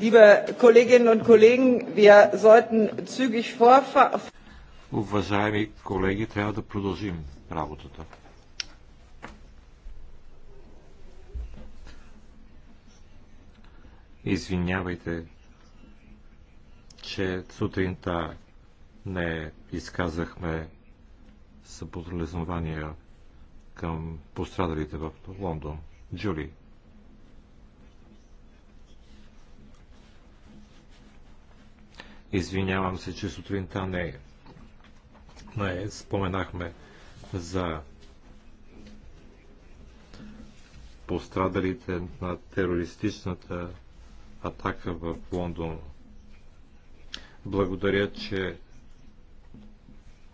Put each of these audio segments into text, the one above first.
Liebe Kolleginnen und Kollegen, wir sollten zügig vorfahren. Уважаеми колеги, трябва да продължим работата. Извинявайте, че сутринта не изказахме съболезнования към пострадалите в Лондон. Джули, Извинявам се, че сутринта не, не споменахме за пострадалите на терористичната атака в Лондон. Благодаря, че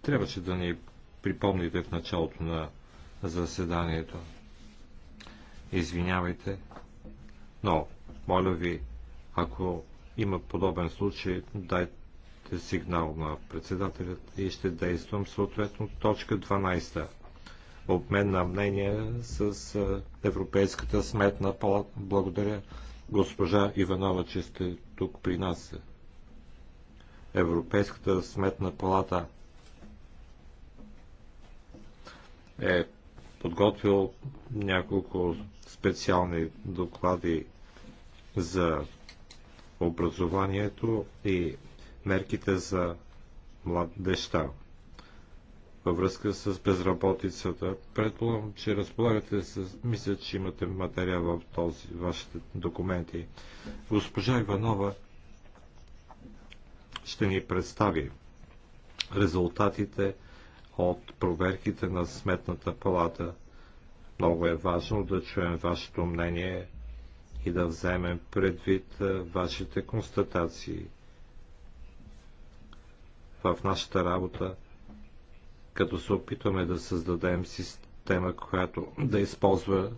трябваше да ни припомните в началото на заседанието. Извинявайте, но моля ви, ако има подобен случай, дайте сигнал на председателят и ще действам съответно точка 12. Обмен на мнение с Европейската сметна палата. Благодаря госпожа Иванова, че сте тук при нас. Европейската сметна палата е подготвил няколко специални доклади за образованието и мерките за младеща. Във връзка с безработицата, предполагам, че разполагате с... Мисля, че имате материал в този, вашите документи. Госпожа Иванова ще ни представи резултатите от проверките на Сметната палата. Много е важно да чуем вашето мнение и да вземем предвид вашите констатации в нашата работа, като се опитваме да създадем система, която да използва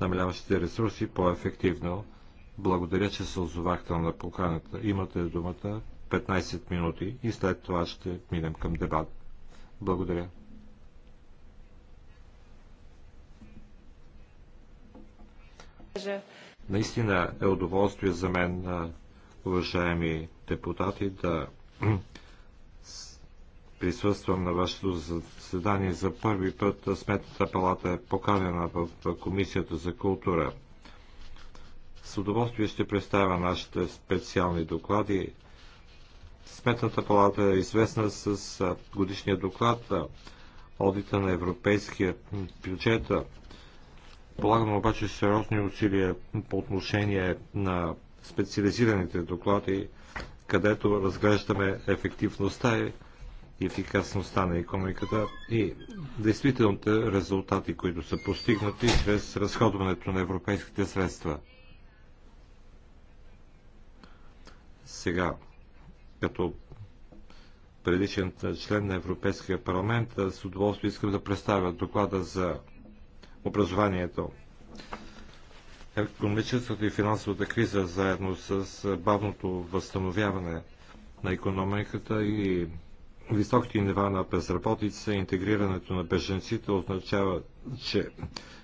намаляващите ресурси по-ефективно. Благодаря, че се озовахте на поканата. Имате думата 15 минути и след това ще минем към дебат. Благодаря. Наистина е удоволствие за мен, уважаеми депутати, да присъствам на вашето заседание за първи път. Сметната палата е поканена в Комисията за култура. С удоволствие ще представя нашите специални доклади. Сметната палата е известна с годишния доклад, одита на европейския бюджет, Полагаме обаче сериозни усилия по отношение на специализираните доклади, където разглеждаме ефективността и ефикасността на економиката и действителните резултати, които са постигнати чрез разходването на европейските средства. Сега, като предишен член на Европейския парламент, с удоволствие искам да представя доклада за образованието. Економическата и финансовата криза, заедно с бавното възстановяване на економиката и високите нива на безработица, интегрирането на беженците означава, че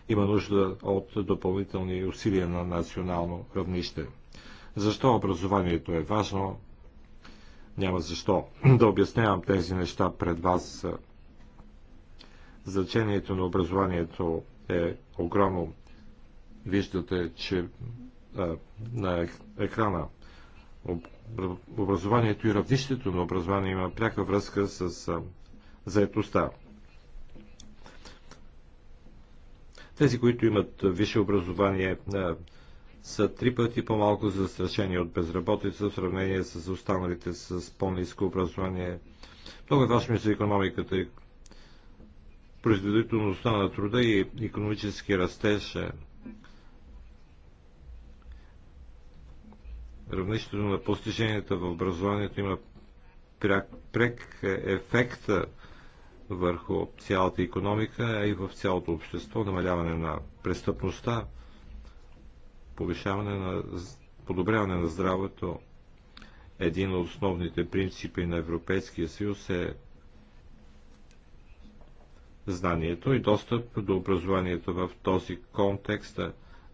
има нужда от допълнителни усилия на национално равнище. Защо образованието е важно? Няма защо да обяснявам тези неща пред вас. Значението на образованието е огромно. Виждате, че на екрана образованието и равнището на образование има пряка връзка с заетостта. Тези, които имат висше образование, са три пъти по-малко застрашени от безработица в сравнение с останалите с по-низко образование. Много е важно за економиката и производителността на труда и економически растеж. Е равнището на постиженията в образованието има пряк, прек ефект върху цялата економика, а и в цялото общество, намаляване на престъпността, повишаване на подобряване на здравето. Един от основните принципи на Европейския съюз е знанието и достъп до образованието в този контекст.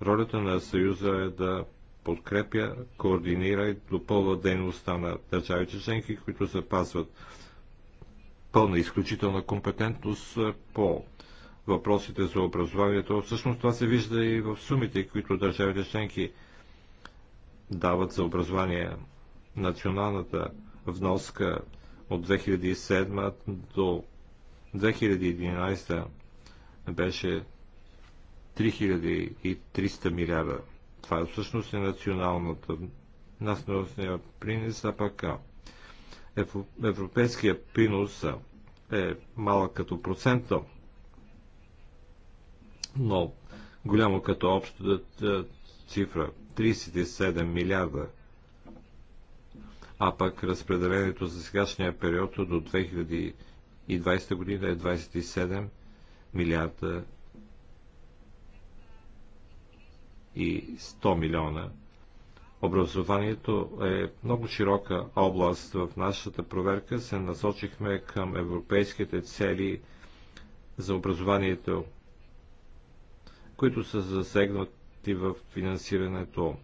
Ролята на Съюза е да подкрепя, координира и допълва дейността на държавите членки, които запазват пълна изключителна компетентност по въпросите за образованието. Всъщност това се вижда и в сумите, които държавите членки дават за образование. Националната вноска от 2007 до 2011 беше 3300 милиарда. Това е всъщност е националната насносния принос, а пък европейския принос е малък като процента, но голямо като общата цифра 37 милиарда. А пък разпределението за сегашния период е до 2020 година е 27 милиарда и 100 милиона. Образованието е много широка област. В нашата проверка се насочихме към европейските цели за образованието, които са засегнати в финансирането,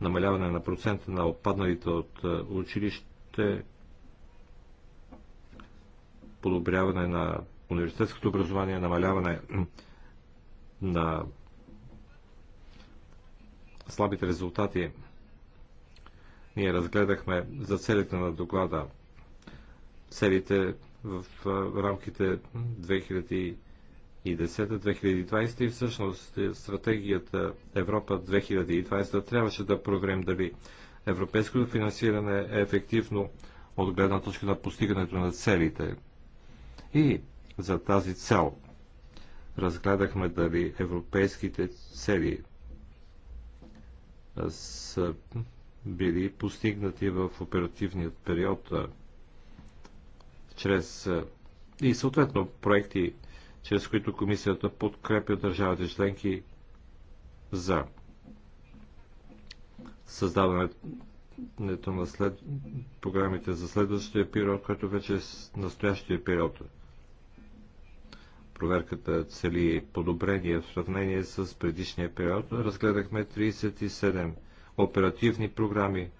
намаляване на процента на отпадналите от е, училище, подобряване на университетското образование, намаляване на слабите резултати. Ние разгледахме за целите на доклада целите в рамките 2010-2020 и всъщност е стратегията Европа 2020 трябваше да проверим дали европейското финансиране е ефективно от гледна точка на постигането на целите. И за тази цел разгледахме дали европейските цели са били постигнати в оперативният период чрез и съответно проекти, чрез които комисията подкрепя държавите членки за създаването на след... програмите за следващия период, който вече е настоящия период. Проверката цели подобрение в сравнение с предишния период. Разгледахме 37 оперативни програми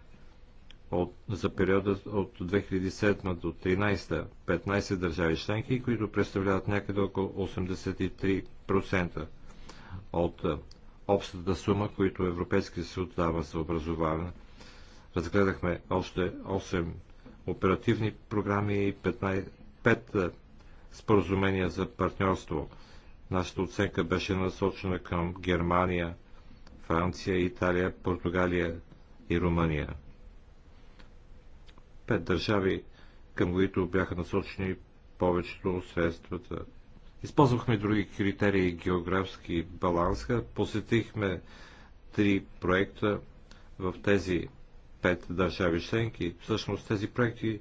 от, за периода от 2007 до 2013 15 държави членки, които представляват някъде около 83% от общата сума, които Европейския съюз дава за образование. Разгледахме още 8 оперативни програми и 15, 5 споразумения за партньорство. Нашата оценка беше насочена към Германия, Франция, Италия, Португалия и Румъния. Пет държави, към които бяха насочени повечето средствата. Използвахме други критерии географски баланс. Посетихме три проекта в тези пет държави членки. Всъщност тези проекти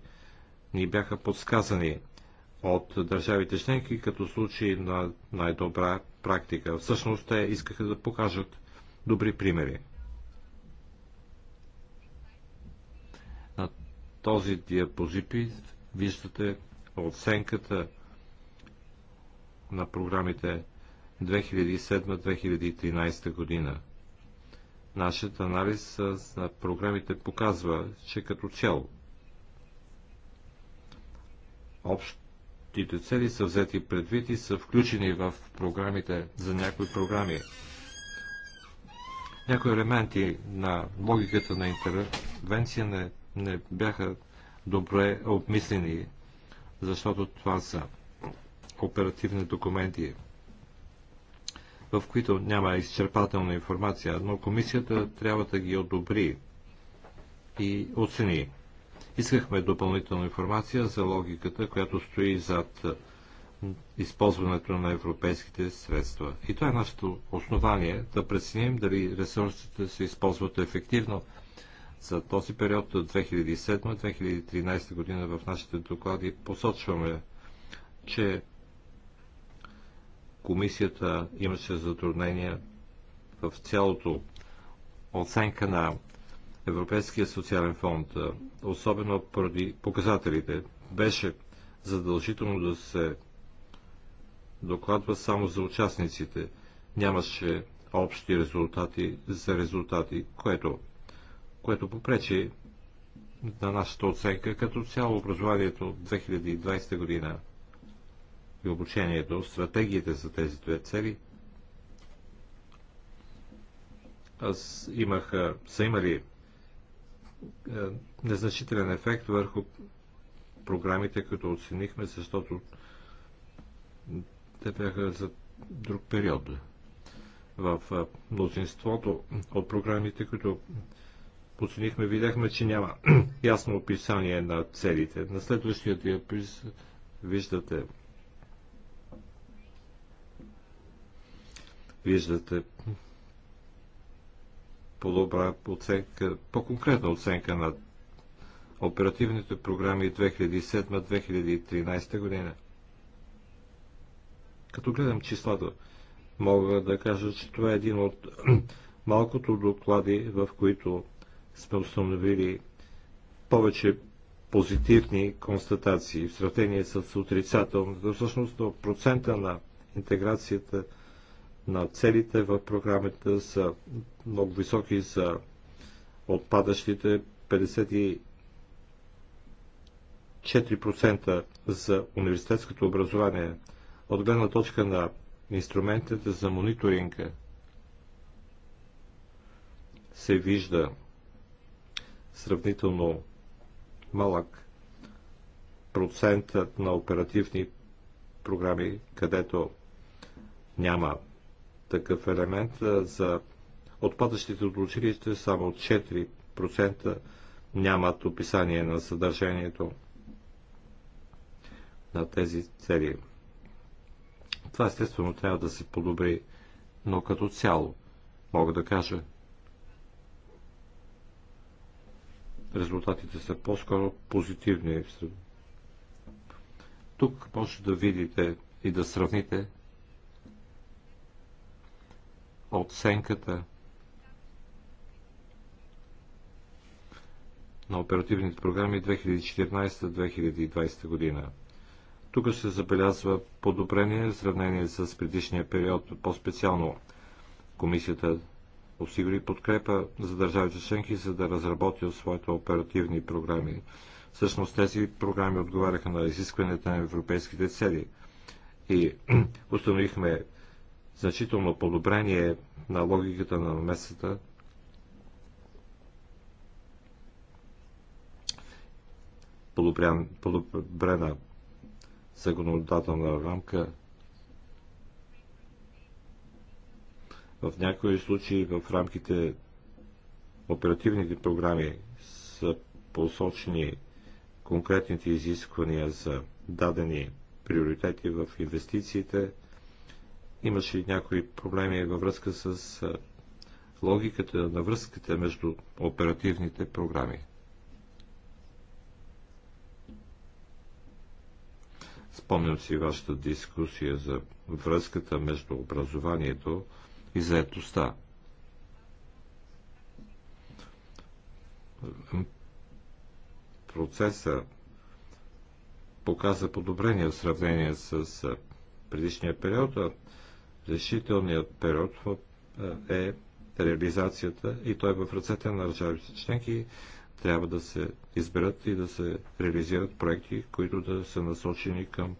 ни бяха подсказани от държавите членки като случай на най-добра практика. Всъщност те искаха да покажат добри примери. На този диапозитив виждате оценката на програмите 2007-2013 година. Нашият анализ на програмите показва, че като цяло общ Тите цели са взети предвид и са включени в програмите, за някои програми. Някои елементи на логиката на интервенция не, не бяха добре обмислени, защото това са оперативни документи, в които няма изчерпателна информация, но комисията трябва да ги одобри и оцени. Искахме допълнителна информация за логиката, която стои зад е, използването на европейските средства. И това е нашето основание да преценим дали ресурсите се използват ефективно за този период от 2007-2013 година в нашите доклади посочваме, че комисията имаше затруднения в цялото оценка на Европейския социален фонд, особено поради показателите, беше задължително да се докладва само за участниците. Нямаше общи резултати за резултати, което, което попречи на нашата оценка като цяло образованието от 2020 година и обучението, стратегиите за тези две цели. Аз имах, са имали е, незначителен ефект върху програмите, които оценихме, защото те бяха за друг период. В е, мнозинството от програмите, които оценихме, видяхме, че няма ясно описание на целите. На следващия диаприз виждате виждате по-добра оценка, по-конкретна оценка на оперативните програми 2007-2013 година. Като гледам числата, мога да кажа, че това е един от малкото доклади, в които сме установили повече позитивни констатации в сравнение с отрицателно. Всъщност процента на интеграцията на целите в програмата са много високи за отпадащите 54% за университетското образование от гледна точка на инструментите за мониторинг се вижда сравнително малък процентът на оперативни програми, където няма такъв елемент. За отпадащите от училище само 4% нямат описание на съдържанието на тези цели. Това естествено трябва да се подобри, но като цяло мога да кажа, резултатите са по-скоро позитивни. Тук може да видите и да сравните оценката на оперативните програми 2014-2020 година. Тук се забелязва подобрение в сравнение с предишния период. По-специално комисията осигури подкрепа за държавите членки, за да разработят своите оперативни програми. Всъщност тези програми отговаряха на изискванията на европейските цели и установихме значително подобрение на логиката на намесата. подобрена законодателна рамка. В някои случаи в рамките оперативните програми са посочени конкретните изисквания за дадени приоритети в инвестициите – Имаше и някои проблеми във връзка с логиката на връзките между оперативните програми. Спомням си вашата дискусия за връзката между образованието и заетостта. Процеса показа подобрение в сравнение с предишния период, а решителният период е реализацията и той е в ръцете на държавите членки трябва да се изберат и да се реализират проекти, които да са насочени към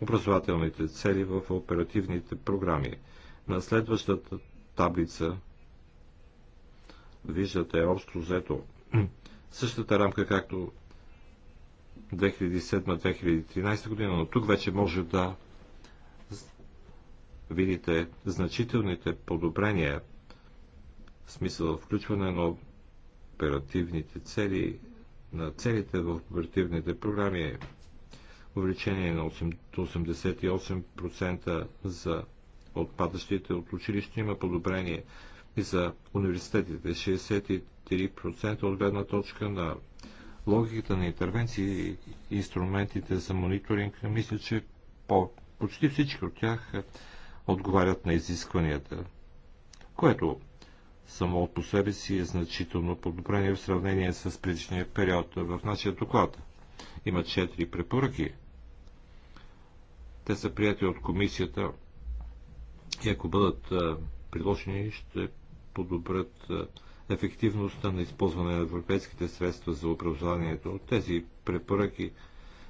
образователните цели в оперативните програми. На следващата таблица виждате общо взето същата рамка, както 2007-2013 година, но тук вече може да видите значителните подобрения в смисъл включване на оперативните цели, на целите в оперативните програми, увеличение на 88% за отпадащите от училище има подобрение и за университетите 63% от гледна точка на логиката на интервенции и инструментите за мониторинг. Мисля, че по, почти всички от тях отговарят на изискванията, което само по себе си е значително подобрение в сравнение с предишния период в нашия доклад. Има четири препоръки. Те са прияти от комисията и ако бъдат приложени, ще подобрят ефективността на използване на европейските средства за образованието. Тези препоръки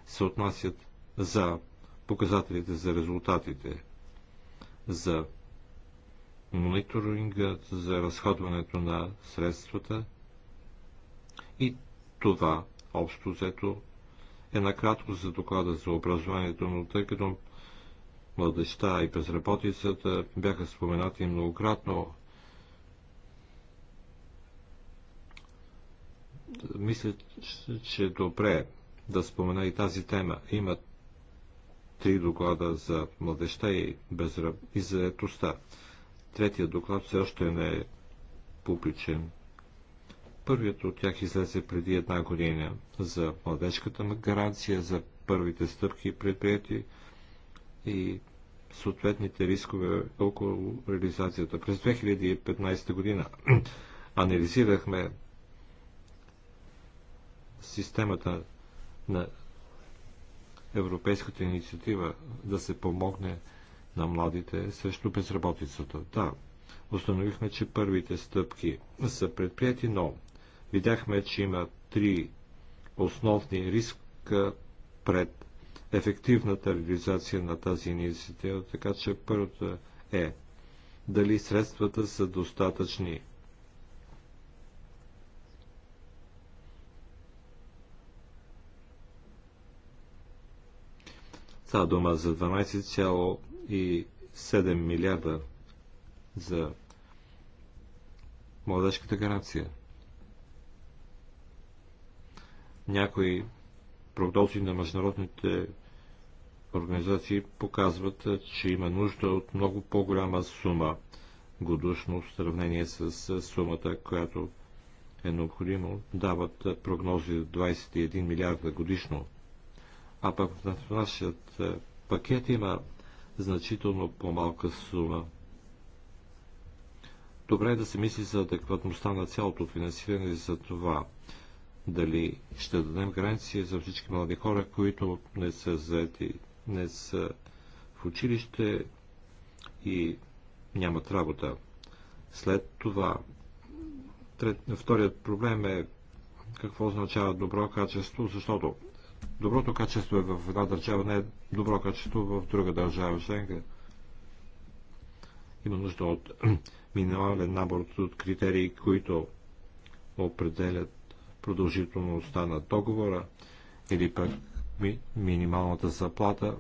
се отнасят за показателите за резултатите за мониторинга за разходването на средствата и това общо взето е накратко за доклада за образованието, но тъй като младеща и безработицата бяха споменати многократно, мисля, че е добре да спомена и тази тема. имат три доклада за младеща и, безръб... и заетостта. Третия доклад все още не е публичен. Първият от тях излезе преди една година за младежката гаранция, за първите стъпки предприяти и съответните рискове около реализацията. През 2015 година анализирахме системата на европейската инициатива да се помогне на младите срещу безработицата. Да, установихме, че първите стъпки са предприяти, но видяхме, че има три основни риска пред ефективната реализация на тази инициатива, така че първото е дали средствата са достатъчни Става дума за 12,7 милиарда за младежката гаранция. Някои прогнози на международните организации показват, че има нужда от много по-голяма сума годишно в сравнение с сумата, която е необходимо. Дават прогнози от 21 милиарда годишно – а пък в нашият е, пакет има значително по-малка сума. Добре е да се мисли за адекватността на цялото финансиране и за това дали ще дадем гаранция за всички млади хора, които не са заети, не са в училище и нямат работа. След това, вторият проблем е какво означава добро качество, защото Доброто качество е в една държава, не е добро качество в друга държава членка. Има нужда от минимален набор от критерии, които определят продължителността на договора или пък ми, минималната заплата,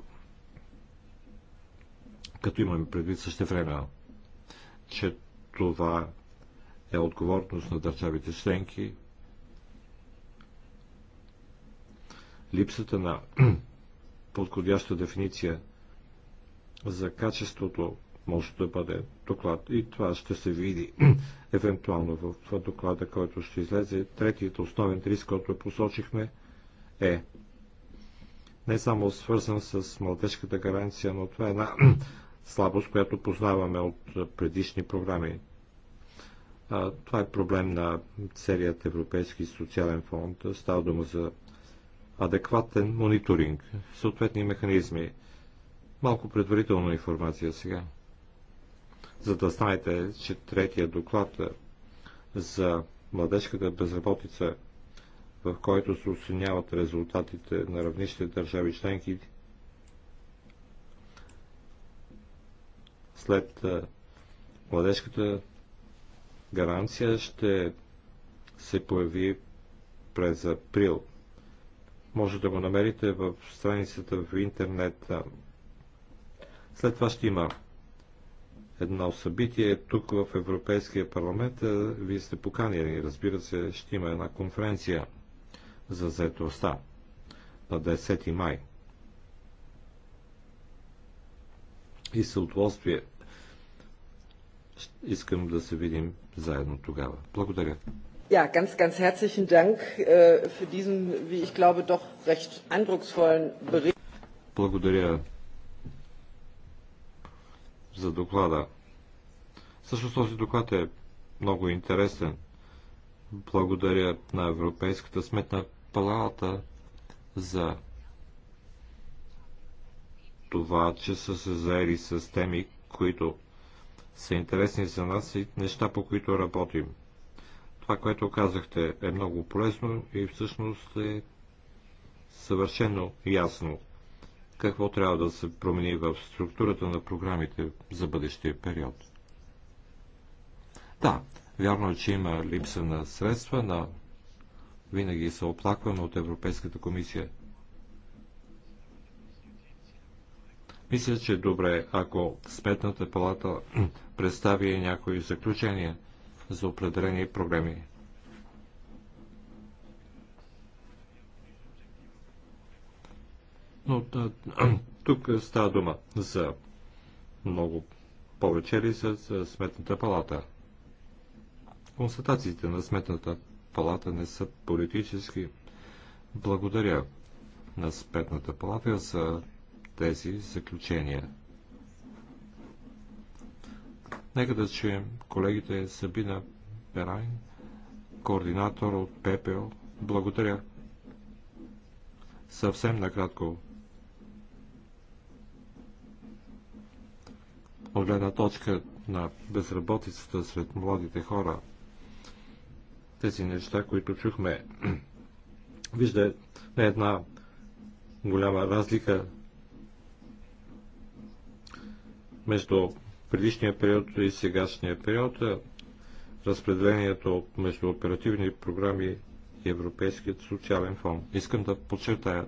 като имаме предвид също време, че това е отговорност на държавите членки липсата на подходяща дефиниция за качеството може да бъде доклад и това ще се види евентуално в доклада, който ще излезе. Третият основен риск, който посочихме е не само свързан с младежката гаранция, но това е една слабост, която познаваме от предишни програми. Това е проблем на целият Европейски социален фонд. Става дума за адекватен мониторинг, съответни механизми. Малко предварителна информация сега. За да знаете, че третия доклад е, за младежката безработица, в който се оценяват резултатите на равнище държави членки, след е, младежката гаранция ще се появи през април може да го намерите в страницата в интернет. След това ще има едно събитие тук в Европейския парламент. Вие сте поканени. Разбира се, ще има една конференция за заедостта на 10 май. И с удоволствие искам да се видим заедно тогава. Благодаря. Ja, ganz, ganz herzlichen Dank äh, für diesen, wie ich glaube, doch recht eindrucksvollen Bericht. Благодаря за доклада. Също този доклад е много интересен. Благодаря на Европейската сметна палата за това, че са се заели с теми, които са интересни за нас и неща, по които работим. Това, което казахте, е много полезно и всъщност е съвършено ясно какво трябва да се промени в структурата на програмите за бъдещия период. Да, вярно е, че има липса на средства, но винаги се оплакваме от Европейската комисия. Мисля, че е добре, ако Сметната палата представи някои заключения – за определени проблеми. Но тук става дума за много повече ли за Сметната палата. Констатациите на Сметната палата не са политически. Благодаря на Сметната палата за тези заключения. Нека да чуем колегите Сабина Перайн, координатор от ППО. Благодаря. Съвсем накратко. От гледна точка на безработицата сред младите хора, тези неща, които чухме, вижда не е една голяма разлика между предишния период и сегашния период, разпределението между оперативни програми и Европейският социален фонд. Искам да подчертая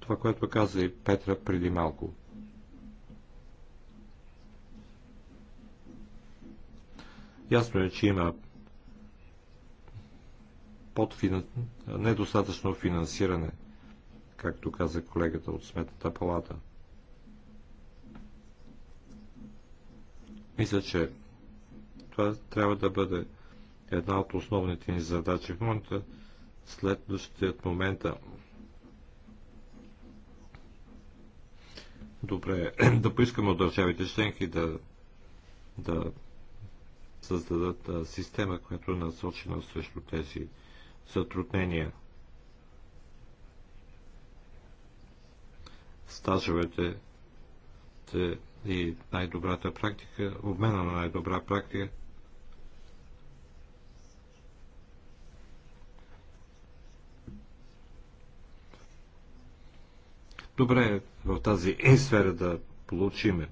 това, което каза и Петра преди малко. Ясно е, че има подфина... недостатъчно финансиране, както каза колегата от Сметната палата – Мисля, че това трябва да бъде една от основните ни задачи в момента, следващият момента. Е добре, да поискаме от държавите членки да, да създадат система, която е насочена срещу тези затруднения. Стажовете те и най-добрата практика, обмена на най-добра практика. Добре е в тази е сфера да получим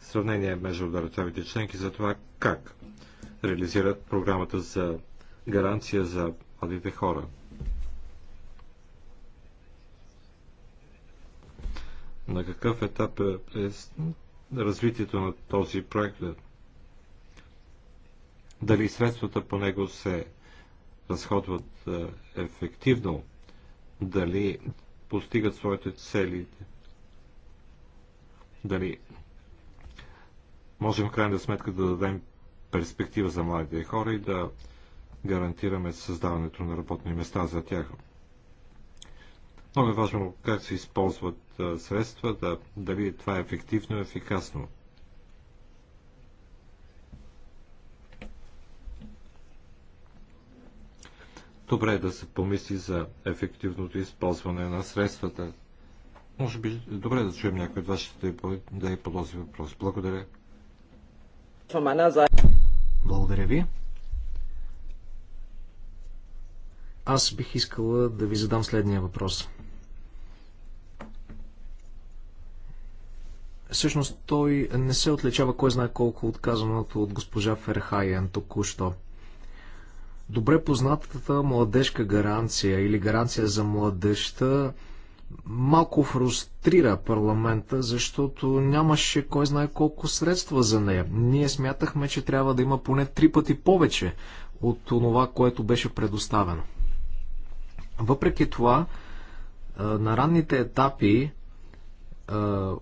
сравнение между държавите членки за това как реализират програмата за гаранция за младите хора. на какъв етап е, е развитието на този проект? Е, дали средствата по него се разходват е, ефективно? Дали постигат своите цели? Дали можем в крайна сметка да дадем перспектива за младите хора и да гарантираме създаването на работни места за тях? Много е важно как се използват средства, да, дали това е ефективно и ефикасно. Добре е да се помисли за ефективното използване на средствата. Може би добре е да чуем някой от вас, ще е да е по този въпрос. Благодаря. Благодаря ви. Аз бих искала да ви задам следния въпрос. всъщност той не се отличава кой знае колко отказаното от госпожа Ферхайен току-що. Добре познатата младежка гаранция или гаранция за младежта малко фрустрира парламента, защото нямаше кой знае колко средства за нея. Ние смятахме, че трябва да има поне три пъти повече от това, което беше предоставено. Въпреки това, на ранните етапи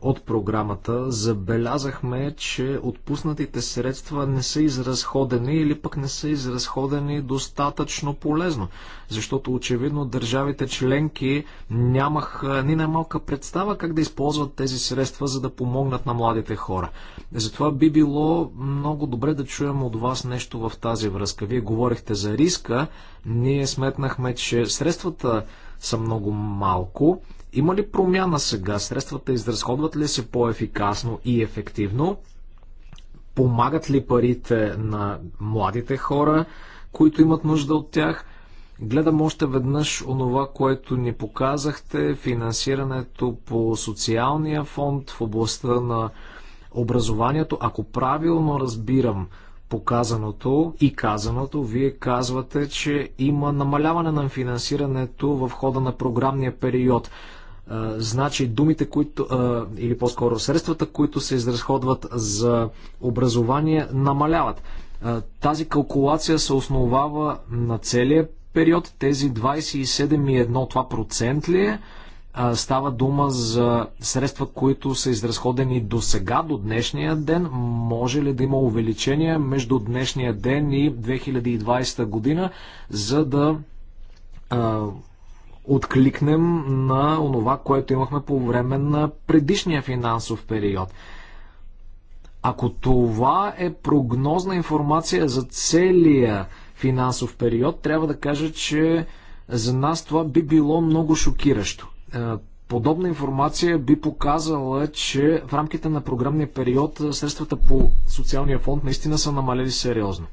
от програмата, забелязахме, че отпуснатите средства не са изразходени или пък не са изразходени достатъчно полезно, защото очевидно държавите членки нямаха ни най-малка представа как да използват тези средства, за да помогнат на младите хора. Затова би било много добре да чуем от вас нещо в тази връзка. Вие говорихте за риска, ние сметнахме, че средствата са много малко, има ли промяна сега? Средствата изразходват ли се по-ефикасно и ефективно? Помагат ли парите на младите хора, които имат нужда от тях? Гледам още веднъж онова, което ни показахте, финансирането по социалния фонд в областта на образованието. Ако правилно разбирам показаното и казаното, вие казвате, че има намаляване на финансирането в хода на програмния период значи думите, които, или по-скоро средствата, които се изразходват за образование, намаляват. Тази калкулация се основава на целия период, тези 27,1, това процент ли е? Става дума за средства, които са изразходени до сега, до днешния ден. Може ли да има увеличение между днешния ден и 2020 година, за да откликнем на онова, което имахме по време на предишния финансов период. Ако това е прогнозна информация за целия финансов период, трябва да кажа, че за нас това би било много шокиращо. Е, подобна информация би показала, че в рамките на програмния период средствата по социалния фонд наистина са намалели сериозно.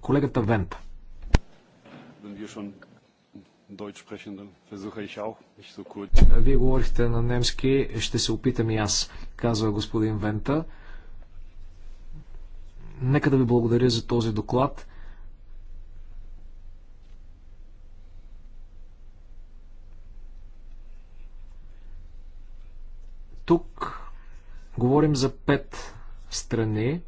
Колегата Вента. Е, вие говорихте на немски, ще се опитам и аз, казва господин Вента. Нека да ви благодаря за този доклад. Тук говорим за пет страни.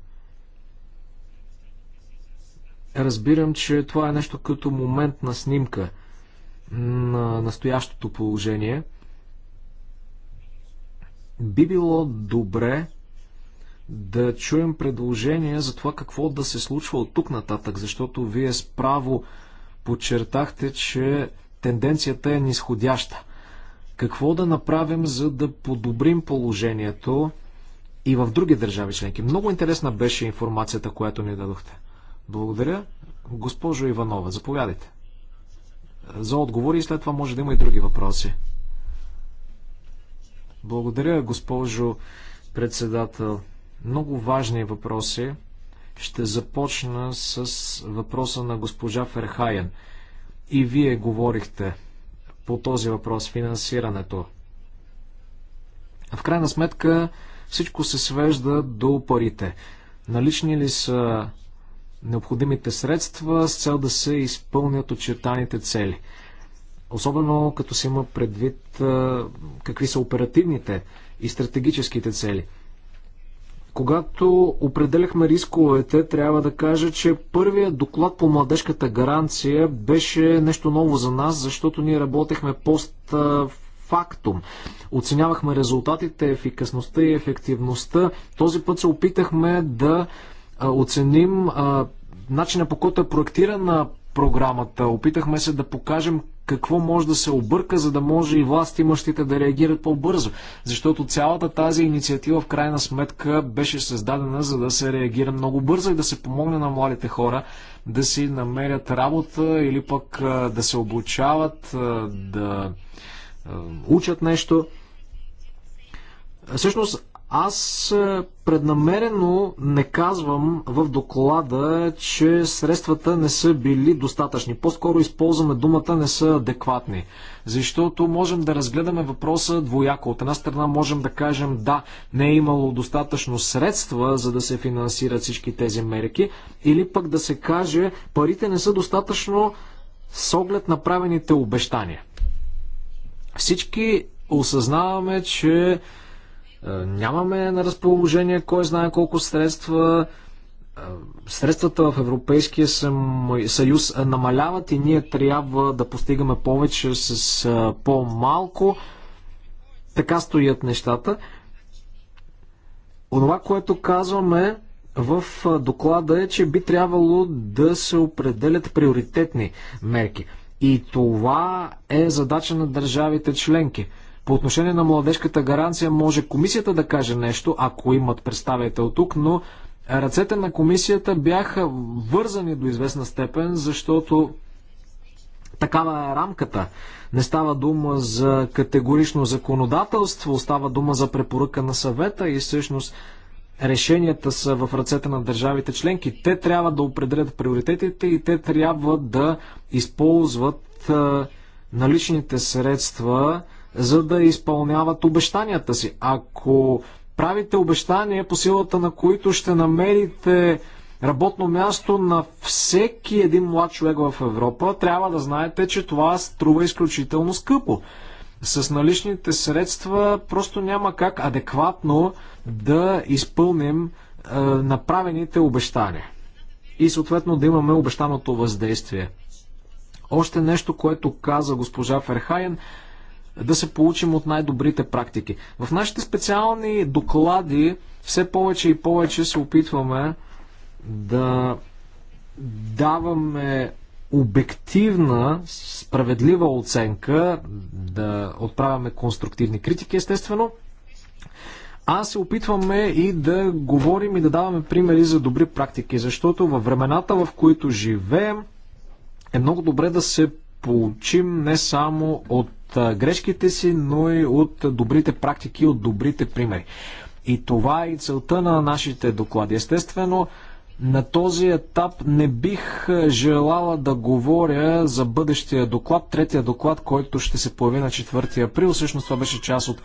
Разбирам, че това е нещо като момент на снимка – на настоящото положение, би било добре да чуем предложение за това какво да се случва от тук нататък, защото вие справо подчертахте, че тенденцията е нисходяща. Какво да направим, за да подобрим положението и в други държави членки? Много интересна беше информацията, която ни дадохте. Благодаря. Госпожо Иванова, заповядайте за отговори и след това може да има и други въпроси. Благодаря, госпожо председател. Много важни въпроси. Ще започна с въпроса на госпожа Ферхайен. И вие говорихте по този въпрос, финансирането. В крайна сметка всичко се свежда до парите. Налични ли са необходимите средства с цел да се изпълнят очертаните цели. Особено като се има предвид какви са оперативните и стратегическите цели. Когато определяхме рисковете, трябва да кажа, че първият доклад по младежката гаранция беше нещо ново за нас, защото ние работехме пост фактум. Оценявахме резултатите, ефикасността и ефективността. Този път се опитахме да оценим начина по който е проектирана програмата. Опитахме се да покажем какво може да се обърка, за да може и власт имащите да реагират по-бързо. Защото цялата тази инициатива в крайна сметка беше създадена за да се реагира много бързо и да се помогне на младите хора да си намерят работа или пък да се обучават, да учат нещо. Всъщност, аз е, преднамерено не казвам в доклада, че средствата не са били достатъчни. По-скоро използваме думата не са адекватни. Защото можем да разгледаме въпроса двояко. От една страна можем да кажем да, не е имало достатъчно средства, за да се финансират всички тези мерки. Или пък да се каже парите не са достатъчно с оглед направените обещания. Всички осъзнаваме, че е, нямаме на разположение кой знае колко средства. Е, средствата в Европейския съюз намаляват и ние трябва да постигаме повече с е, по-малко. Така стоят нещата. Онова, което казваме в доклада е, че би трябвало да се определят приоритетни мерки. И това е задача на държавите членки. По отношение на младежката гаранция може комисията да каже нещо, ако имат представител тук, но ръцете на комисията бяха вързани до известна степен, защото такава е рамката. Не става дума за категорично законодателство, става дума за препоръка на съвета и всъщност решенията са в ръцете на държавите членки. Те трябва да определят приоритетите и те трябва да използват наличните средства за да изпълняват обещанията си. Ако правите обещания по силата на които ще намерите работно място на всеки един млад човек в Европа, трябва да знаете, че това струва изключително скъпо. С наличните средства просто няма как адекватно да изпълним е, направените обещания. И съответно да имаме обещаното въздействие. Още нещо, което каза госпожа Ферхайен, да се получим от най-добрите практики. В нашите специални доклади все повече и повече се опитваме да даваме обективна, справедлива оценка, да отправяме конструктивни критики, естествено, а се опитваме и да говорим и да даваме примери за добри практики, защото във времената, в които живеем, е много добре да се получим не само от грешките си, но и от добрите практики, от добрите примери. И това е и целта на нашите доклади. Естествено, на този етап не бих желала да говоря за бъдещия доклад, третия доклад, който ще се появи на 4 април. Всъщност това беше част от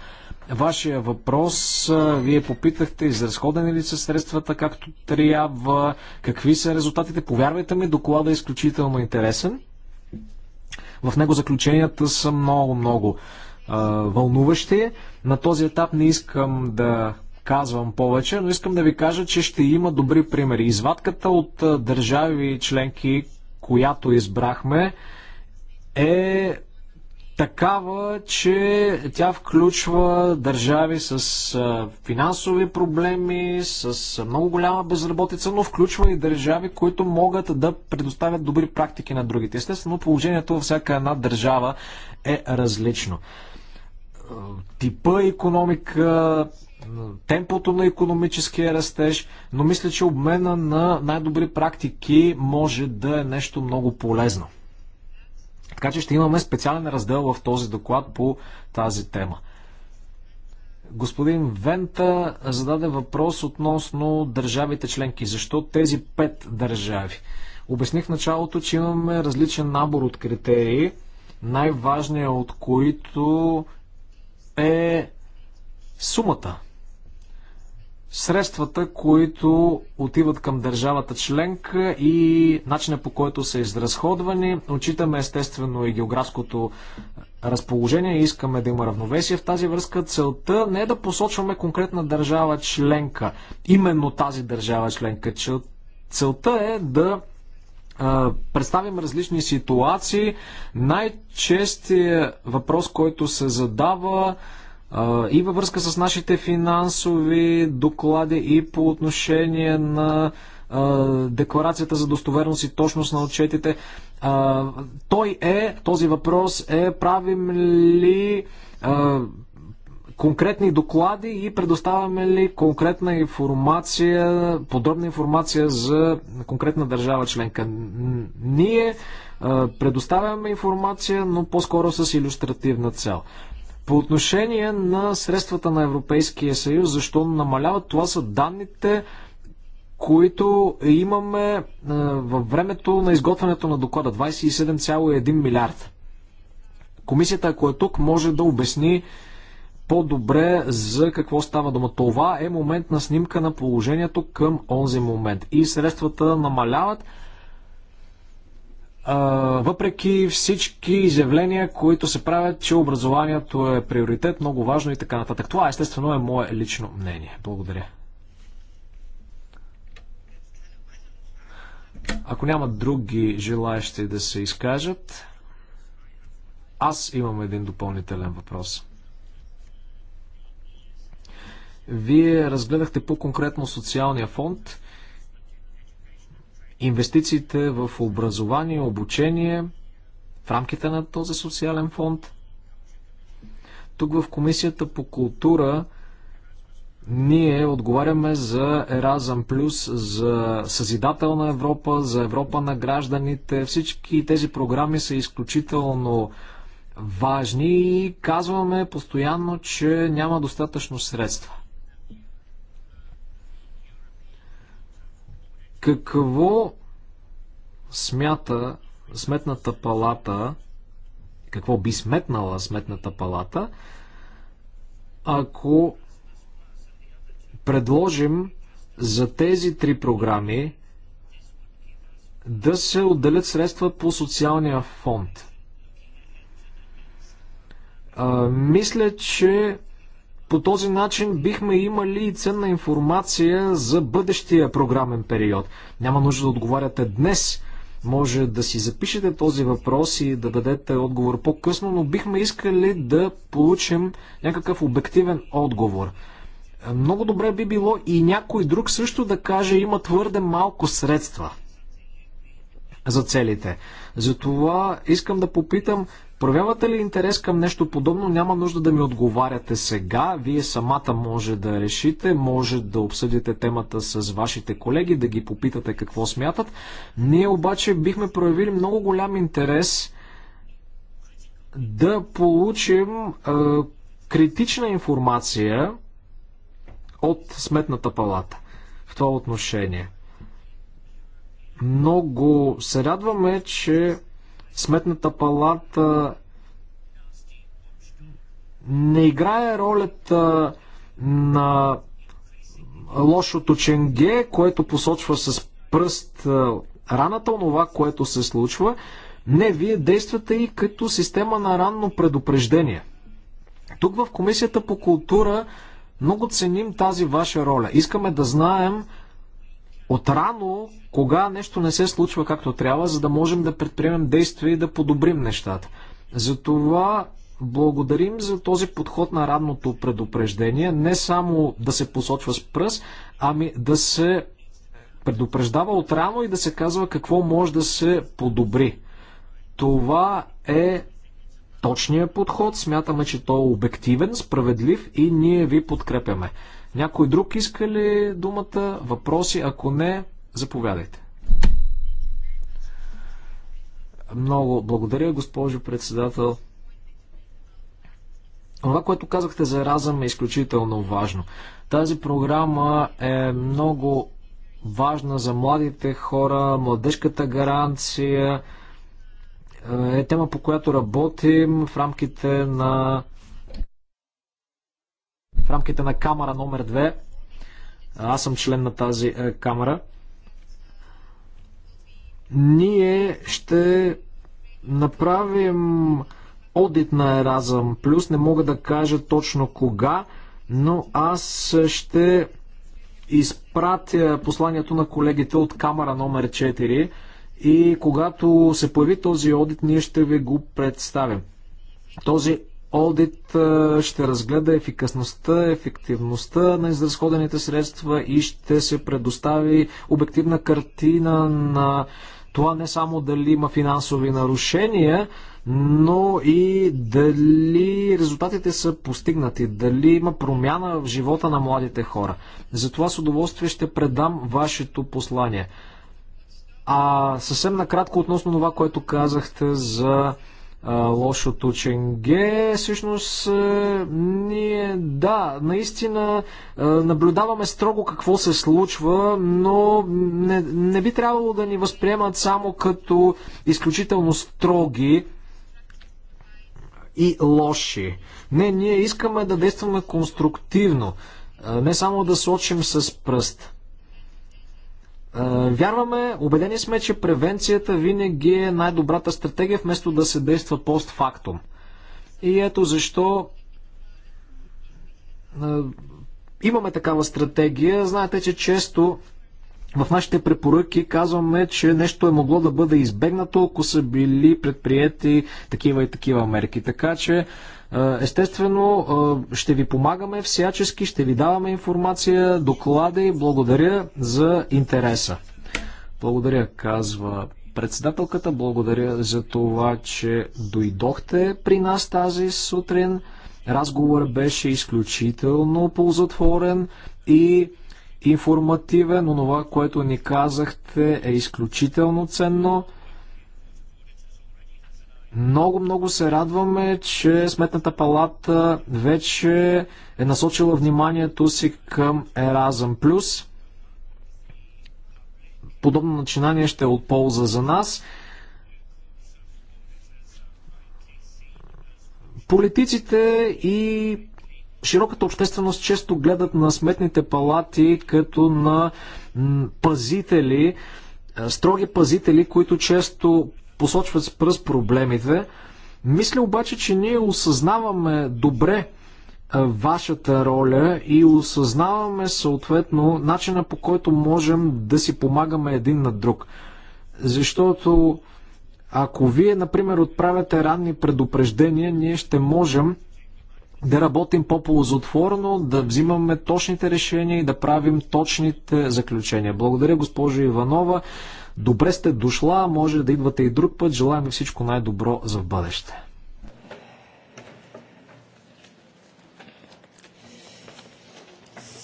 вашия въпрос. Вие попитахте, изразходени ли са средствата както трябва, какви са резултатите. Повярвайте ми, докладът е изключително интересен. В него заключенията са много-много вълнуващи. На този етап не искам да казвам повече, но искам да ви кажа, че ще има добри примери. Извадката от държави членки, която избрахме, е такава, че тя включва държави с финансови проблеми, с много голяма безработица, но включва и държави, които могат да предоставят добри практики на другите. Естествено, положението във всяка една държава е различно. Типа економика, темпото на економическия растеж, но мисля, че обмена на най-добри практики може да е нещо много полезно. Така че ще имаме специален раздел в този доклад по тази тема. Господин Вента зададе въпрос относно държавите членки. Защо тези пет държави? Обясних в началото, че имаме различен набор от критерии, най-важният от които е сумата средствата, които отиват към държавата членка и начина по който са изразходвани. Отчитаме естествено и географското разположение. и Искаме да има равновесие в тази връзка. Целта не е да посочваме конкретна държава членка, именно тази държава членка. Целта е да представим различни ситуации. Най-честият въпрос, който се задава и във връзка с нашите финансови доклади и по отношение на декларацията за достоверност и точност на отчетите. Той е, този въпрос е, правим ли конкретни доклади и предоставяме ли конкретна информация, подробна информация за конкретна държава членка. Ние предоставяме информация, но по-скоро с иллюстративна цел. По отношение на средствата на Европейския съюз, защо намаляват, това са данните, които имаме е, във времето на изготвянето на доклада 27,1 милиард. Комисията, ако е тук, може да обясни по-добре за какво става дума. Това е момент на снимка на положението към онзи момент. И средствата намаляват, въпреки всички изявления, които се правят, че образованието е приоритет, много важно и така нататък. Това естествено е мое лично мнение. Благодаря. Ако няма други желаящи да се изкажат, аз имам един допълнителен въпрос. Вие разгледахте по-конкретно социалния фонд инвестициите в образование, обучение в рамките на този социален фонд. Тук в Комисията по култура ние отговаряме за Еразъм Плюс, за Съзидателна Европа, за Европа на гражданите. Всички тези програми са изключително важни и казваме постоянно, че няма достатъчно средства. Какво смята Сметната палата, какво би сметнала Сметната палата, ако предложим за тези три програми да се отделят средства по социалния фонд. А, мисля, че по този начин бихме имали и ценна информация за бъдещия програмен период. Няма нужда да отговаряте днес. Може да си запишете този въпрос и да дадете отговор по-късно, но бихме искали да получим някакъв обективен отговор. Много добре би било и някой друг също да каже има твърде малко средства за целите. Затова искам да попитам Проявявате ли интерес към нещо подобно? Няма нужда да ми отговаряте сега. Вие самата може да решите, може да обсъдите темата с вашите колеги, да ги попитате какво смятат. Ние обаче бихме проявили много голям интерес да получим е, критична информация от Сметната палата в това отношение. Много се радваме, че Сметната палата не играе ролята на лошото ченге, което посочва с пръст раната, онова, което се случва. Не, вие действате и като система на ранно предупреждение. Тук в Комисията по култура много ценим тази ваша роля. Искаме да знаем отрано кога нещо не се случва както трябва, за да можем да предприемем действия и да подобрим нещата. Затова благодарим за този подход на радното предупреждение, не само да се посочва с пръст, ами да се предупреждава отрано и да се казва какво може да се подобри. Това е точния подход, смятаме, че той е обективен, справедлив и ние ви подкрепяме. Някой друг иска ли думата, въпроси? Ако не, заповядайте. Много благодаря, госпожо председател. Това, което казахте за разъм е изключително важно. Тази програма е много важна за младите хора, младежката гаранция, е тема, по която работим в рамките на в рамките на камера номер 2. Аз съм член на тази е, камера. Ние ще направим одит на Еразъм Плюс. Не мога да кажа точно кога, но аз ще изпратя посланието на колегите от камера номер 4 и когато се появи този одит, ние ще ви го представим. Този Одит ще разгледа ефикасността, ефективността на изразходените средства и ще се предостави обективна картина на това не само дали има финансови нарушения, но и дали резултатите са постигнати, дали има промяна в живота на младите хора. Затова с удоволствие ще предам вашето послание. А съвсем накратко относно това, което казахте за а, лошото ченге, всъщност а, е, ние, да, наистина а, е, наблюдаваме строго какво се случва, но не, не би трябвало да ни възприемат само като изключително строги и лоши. Не, ние искаме да действаме конструктивно, не само да сочим с пръст вярваме, убедени сме, че превенцията винаги е най-добрата стратегия, вместо да се действа постфактум. И ето защо имаме такава стратегия. Знаете, че често в нашите препоръки казваме, че нещо е могло да бъде избегнато, ако са били предприяти такива и такива мерки. Така че Естествено, ще ви помагаме всячески, ще ви даваме информация, доклади. Благодаря за интереса. Благодаря, казва председателката. Благодаря за това, че дойдохте при нас тази сутрин. Разговор беше изключително ползотворен и информативен. Онова, което ни казахте е изключително ценно. Много, много се радваме, че Сметната палата вече е насочила вниманието си към Еразъм Плюс. Подобно начинание ще е от полза за нас. Политиците и широката общественост често гледат на сметните палати като на пазители, е, строги пазители, които често посочват с пръст проблемите. Мисля обаче, че ние осъзнаваме добре вашата роля и осъзнаваме съответно начина по който можем да си помагаме един на друг. Защото ако вие, например, отправяте ранни предупреждения, ние ще можем да работим по-ползотворно, да взимаме точните решения и да правим точните заключения. Благодаря, госпожо Иванова. Добре сте дошла, може да идвате и друг път. Желаем ви всичко най-добро за в бъдеще.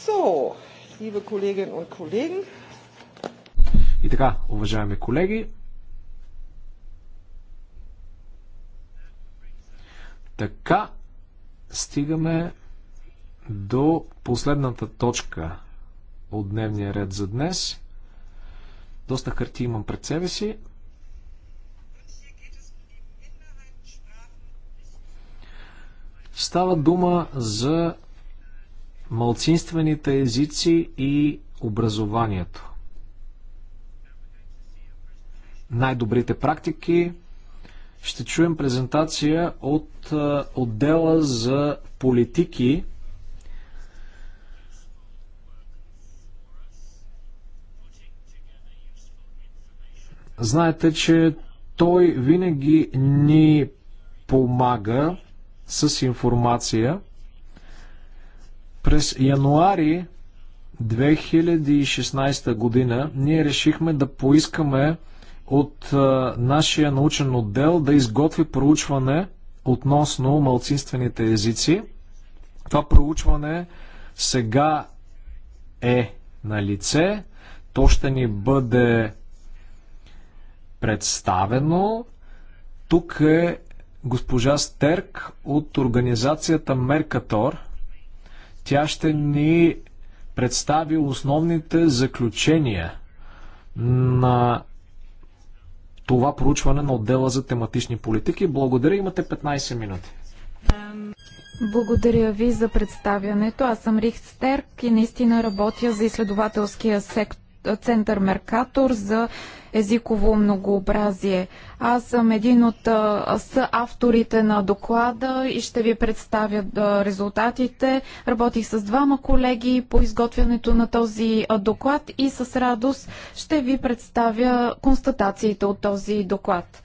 So, liebe Kolleginnen und Kollegen. И така, уважаеми колеги, така стигаме до последната точка от дневния ред за днес – доста харти имам пред себе си. Става дума за малцинствените езици и образованието. Най-добрите практики ще чуем презентация от отдела за политики Знаете, че той винаги ни помага с информация. През януари 2016 година ние решихме да поискаме от нашия научен отдел да изготви проучване относно малцинствените езици. Това проучване сега е на лице. То ще ни бъде представено. Тук е госпожа Стерк от организацията Меркатор. Тя ще ни представи основните заключения на това проучване на отдела за тематични политики. Благодаря, имате 15 минути. Благодаря ви за представянето. Аз съм Рих Стерк и наистина работя за изследователския сектор център Меркатор за езиково многообразие. Аз съм един от авторите на доклада и ще ви представя резултатите. Работих с двама колеги по изготвянето на този доклад и с радост ще ви представя констатациите от този доклад.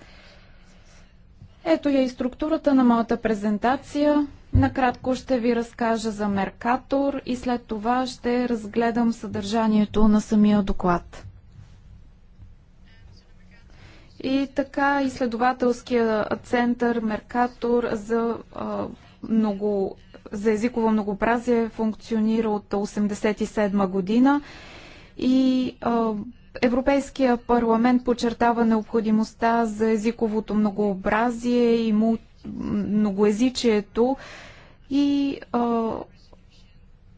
Ето я и структурата на моята презентация. Накратко ще ви разкажа за Меркатор и след това ще разгледам съдържанието на самия доклад. И така изследователския център Меркатор за, много, за езиково многообразие функционира от 1987 година и Европейския парламент подчертава необходимостта за езиковото многообразие и мулти многоязичието и а,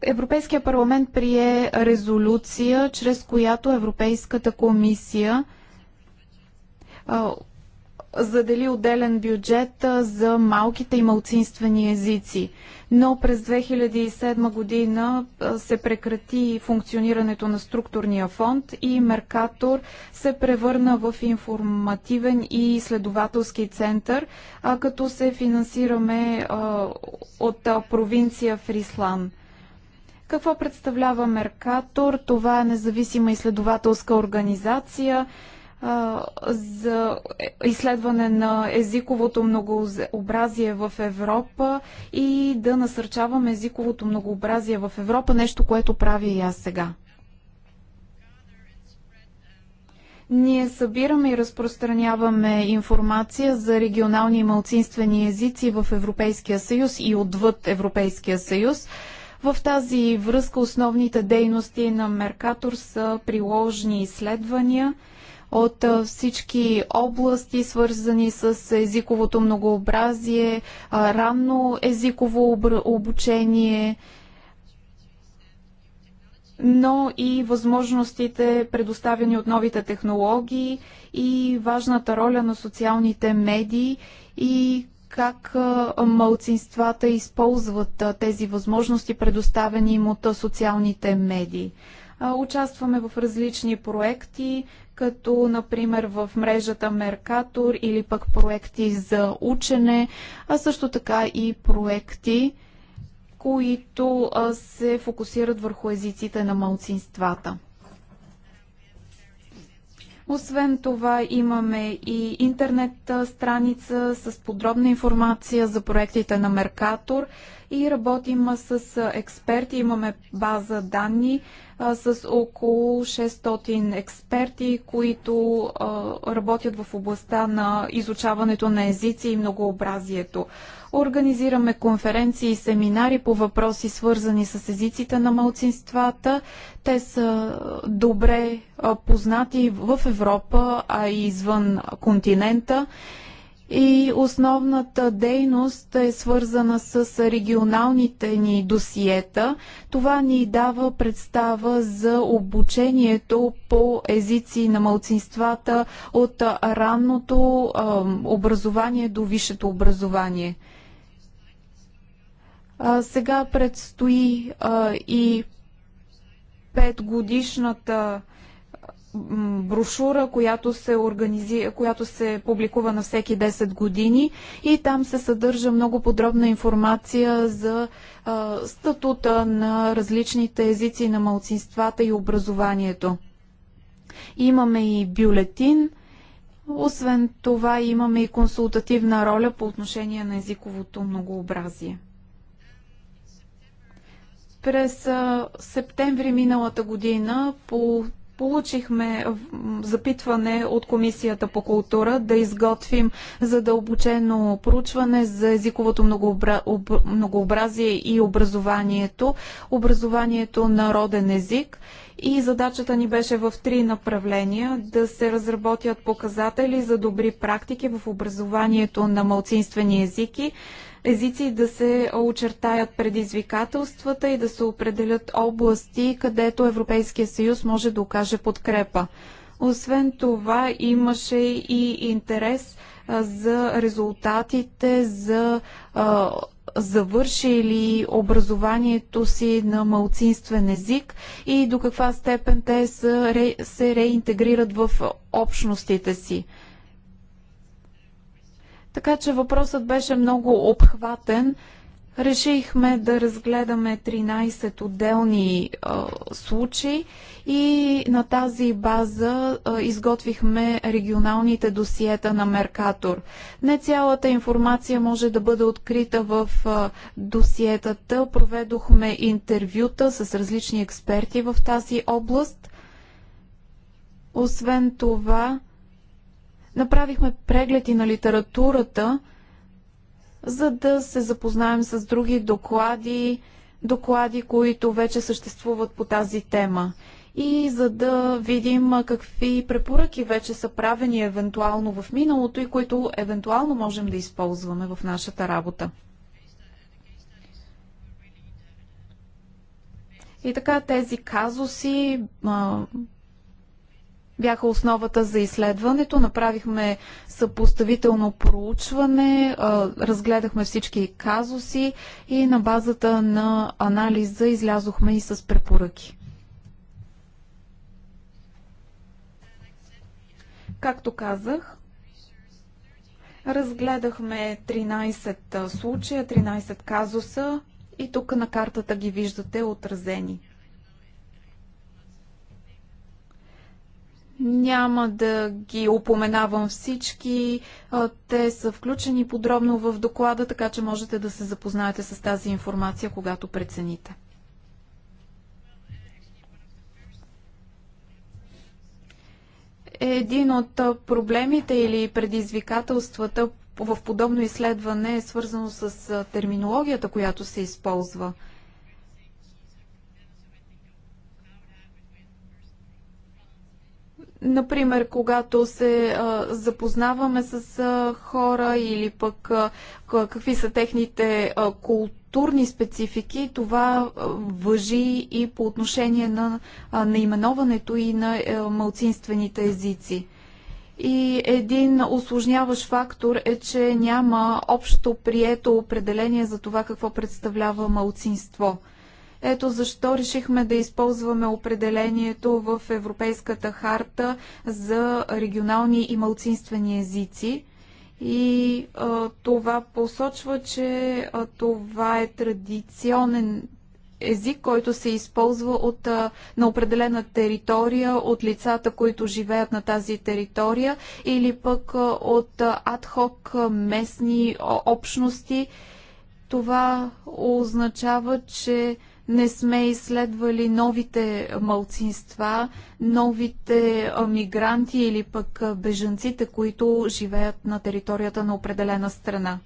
Европейския парламент прие резолюция, чрез която Европейската комисия а, задели отделен бюджет за малките и малцинствени езици. Но през 2007 година се прекрати функционирането на структурния фонд и Меркатор се превърна в информативен и изследователски център, като се финансираме от провинция Фрислан. Какво представлява Меркатор? Това е независима изследователска организация, за изследване на езиковото многообразие в Европа и да насърчаваме езиковото многообразие в Европа, нещо, което правя и аз сега. Ние събираме и разпространяваме информация за регионални и малцинствени езици в Европейския съюз и отвъд Европейския съюз. В тази връзка основните дейности на Меркатор са приложни изследвания – от всички области, свързани с езиковото многообразие, ранно езиково обучение, но и възможностите, предоставени от новите технологии и важната роля на социалните медии и как малцинствата използват тези възможности, предоставени им от социалните медии. Участваме в различни проекти, като например в мрежата Меркатор или пък проекти за учене, а също така и проекти, които се фокусират върху езиците на малцинствата. Освен това имаме и интернет страница с подробна информация за проектите на Меркатор и работим с експерти. Имаме база данни с около 600 експерти, които работят в областта на изучаването на езици и многообразието. Организираме конференции и семинари по въпроси, свързани с езиците на малцинствата. Те са добре познати в Европа, а и извън континента. И основната дейност е свързана с регионалните ни досиета. Това ни дава представа за обучението по езици на малцинствата от ранното образование до висшето образование. А, сега предстои а, и петгодишната брошура, която се, организи... която се публикува на всеки 10 години и там се съдържа много подробна информация за а, статута на различните езици на малцинствата и образованието. Имаме и бюлетин, освен това имаме и консултативна роля по отношение на езиковото многообразие. През септември миналата година по Получихме запитване от Комисията по култура да изготвим задълбочено проучване за езиковото многообра... многообразие и образованието, образованието на роден език. И задачата ни беше в три направления да се разработят показатели за добри практики в образованието на малцинствени езики, езици да се очертаят предизвикателствата и да се определят области, където Европейския съюз може да окаже подкрепа. Освен това имаше и интерес за резултатите, за завършили образованието си на малцинствен език и до каква степен те са, се реинтегрират в общностите си. Така че въпросът беше много обхватен. Решихме да разгледаме 13 отделни а, случаи и на тази база а, изготвихме регионалните досиета на Меркатор. Не цялата информация може да бъде открита в а, досиетата. Проведохме интервюта с различни експерти в тази област. Освен това, Направихме прегледи на литературата, за да се запознаем с други доклади, доклади, които вече съществуват по тази тема. И за да видим какви препоръки вече са правени евентуално в миналото и които евентуално можем да използваме в нашата работа. И така тези казуси а, бяха основата за изследването. Направихме съпоставително проучване, разгледахме всички казуси и на базата на анализа излязохме и с препоръки. Както казах, разгледахме 13 случая, 13 казуса и тук на картата ги виждате отразени. Няма да ги упоменавам всички. Те са включени подробно в доклада, така че можете да се запознаете с тази информация, когато прецените. Един от проблемите или предизвикателствата в подобно изследване е свързано с терминологията, която се използва – Например, когато се запознаваме с хора или пък какви са техните културни специфики, това въжи и по отношение на наименоването и на е, малцинствените езици. И един осложняващ фактор е, че няма общо прието определение за това какво представлява малцинство – ето защо решихме да използваме определението в Европейската харта за регионални и малцинствени езици. И а, това посочва, че а, това е традиционен език, който се използва от, на определена територия, от лицата, които живеят на тази територия, или пък от адхок местни общности. Това означава, че не сме изследвали новите малцинства, новите мигранти или пък бежанците, които живеят на територията на определена страна.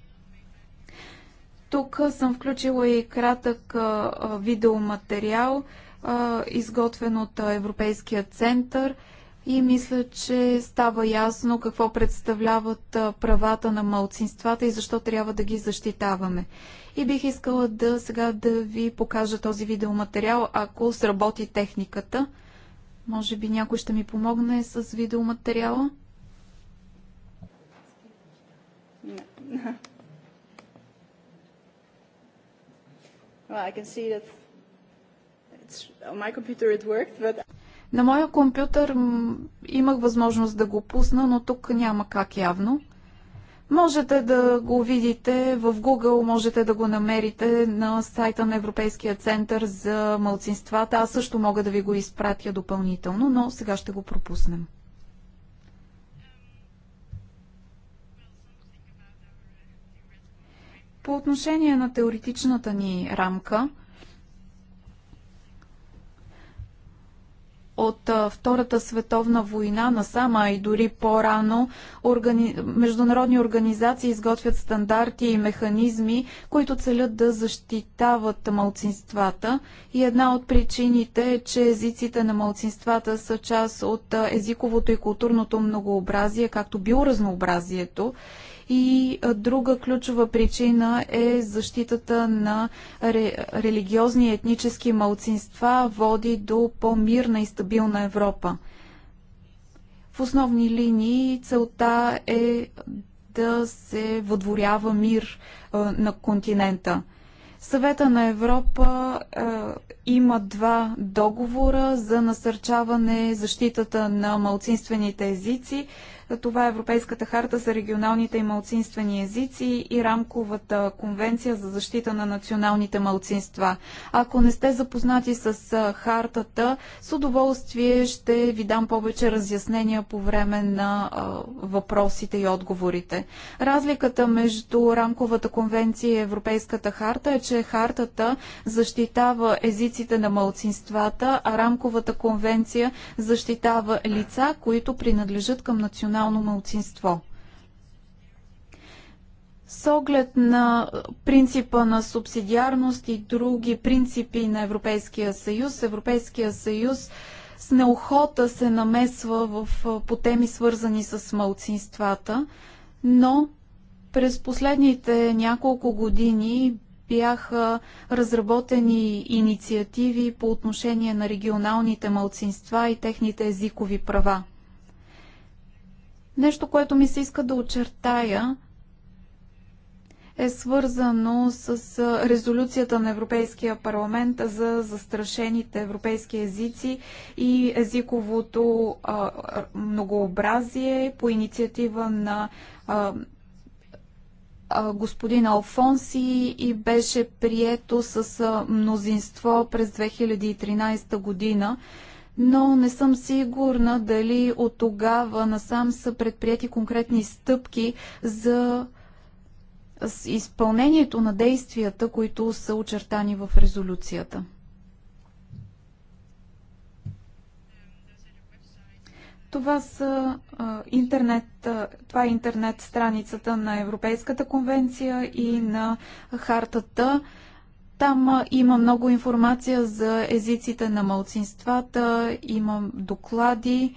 Тук съм включила и кратък видеоматериал, изготвен от Европейския център – и мисля, че става ясно какво представляват правата на малцинствата и защо трябва да ги защитаваме. И бих искала да сега да ви покажа този видеоматериал, ако сработи техниката. Може би някой ще ми помогне с видеоматериала. Well, I can see that it's, on my computer it worked, but... На моя компютър имах възможност да го пусна, но тук няма как явно. Можете да го видите в Google, можете да го намерите на сайта на Европейския център за мълцинствата. Аз също мога да ви го изпратя допълнително, но сега ще го пропуснем. По отношение на теоретичната ни рамка, от Втората световна война насама и дори по-рано органи... международни организации изготвят стандарти и механизми, които целят да защитават малцинствата. И една от причините е, че езиците на малцинствата са част от езиковото и културното многообразие, както биоразнообразието. И друга ключова причина е защитата на религиозни и етнически малцинства води до по-мирна и стабилна Европа. В основни линии целта е да се въдворява мир на континента. Съвета на Европа е, има два договора за насърчаване защитата на малцинствените езици, това е Европейската харта за регионалните и малцинствени езици и Рамковата конвенция за защита на националните малцинства. Ако не сте запознати с хартата, с удоволствие ще ви дам повече разяснения по време на въпросите и отговорите. Разликата между Рамковата конвенция и Европейската харта е, че хартата защитава езиците на малцинствата, а Рамковата конвенция защитава лица, които принадлежат към национални национално мълцинство. С оглед на принципа на субсидиарност и други принципи на Европейския съюз, Европейския съюз с неохота се намесва в, по теми свързани с мълцинствата, но през последните няколко години бяха разработени инициативи по отношение на регионалните мълцинства и техните езикови права. Нещо, което ми се иска да очертая, е свързано с резолюцията на Европейския парламент за застрашените европейски езици и езиковото а, многообразие по инициатива на а, а, господин Алфонси и беше прието с мнозинство през 2013 година но не съм сигурна дали от тогава насам са предприяти конкретни стъпки за изпълнението на действията, които са очертани в резолюцията. Това, са, интернет, това е интернет страницата на Европейската конвенция и на хартата там има много информация за езиците на малцинствата, има доклади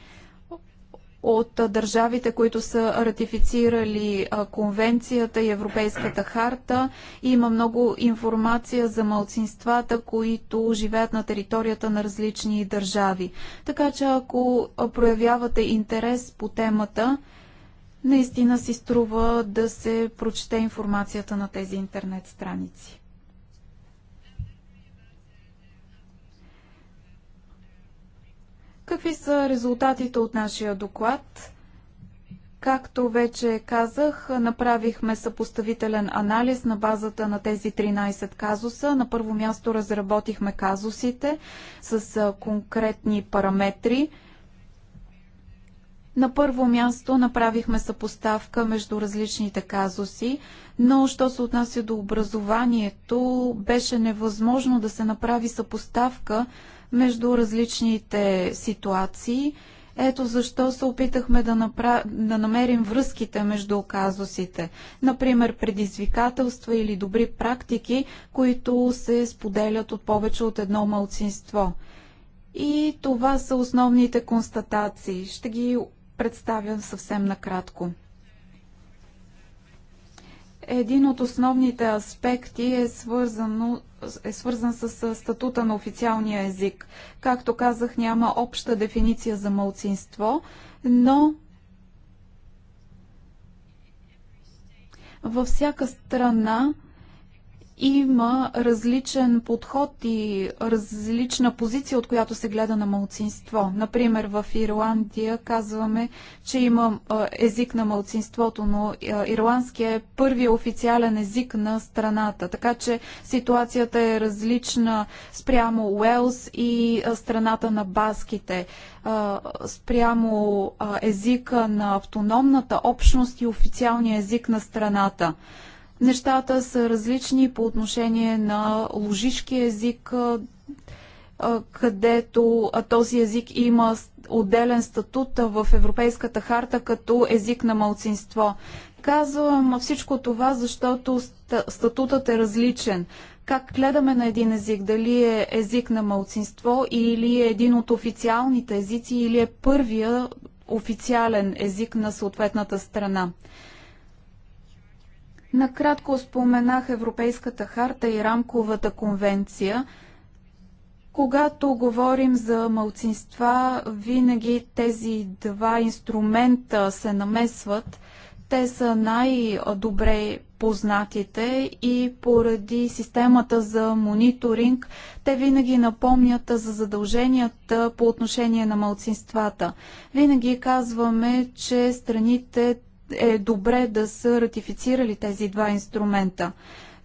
от държавите, които са ратифицирали конвенцията и Европейската харта. Има много информация за малцинствата, които живеят на територията на различни държави. Така че ако проявявате интерес по темата, наистина си струва да се прочете информацията на тези интернет страници. Какви са резултатите от нашия доклад? Както вече казах, направихме съпоставителен анализ на базата на тези 13 казуса. На първо място разработихме казусите с конкретни параметри – на първо място направихме съпоставка между различните казуси, но що се отнася до образованието, беше невъзможно да се направи съпоставка между различните ситуации. Ето защо се опитахме да, направ... да намерим връзките между казусите. Например, предизвикателства или добри практики, които се споделят от повече от едно малцинство. И това са основните констатации. Ще ги представя съвсем накратко. Един от основните аспекти е, свързано, е свързан с статута на официалния език. Както казах, няма обща дефиниция за мълцинство, но във всяка страна има различен подход и различна позиция, от която се гледа на малцинство. Например, в Ирландия казваме, че има език на малцинството, но ирландския е първият официален език на страната. Така че ситуацията е различна спрямо Уелс и страната на баските, спрямо езика на автономната общност и официалния език на страната. Нещата са различни по отношение на лужишки език, където този език има отделен статут в Европейската харта като език на малцинство. Казвам всичко това, защото статутът е различен. Как гледаме на един език? Дали е език на малцинство или е един от официалните езици или е първия официален език на съответната страна? Накратко споменах Европейската харта и Рамковата конвенция. Когато говорим за малцинства, винаги тези два инструмента се намесват. Те са най-добре познатите и поради системата за мониторинг, те винаги напомнят за задълженията по отношение на малцинствата. Винаги казваме, че страните е добре да са ратифицирали тези два инструмента.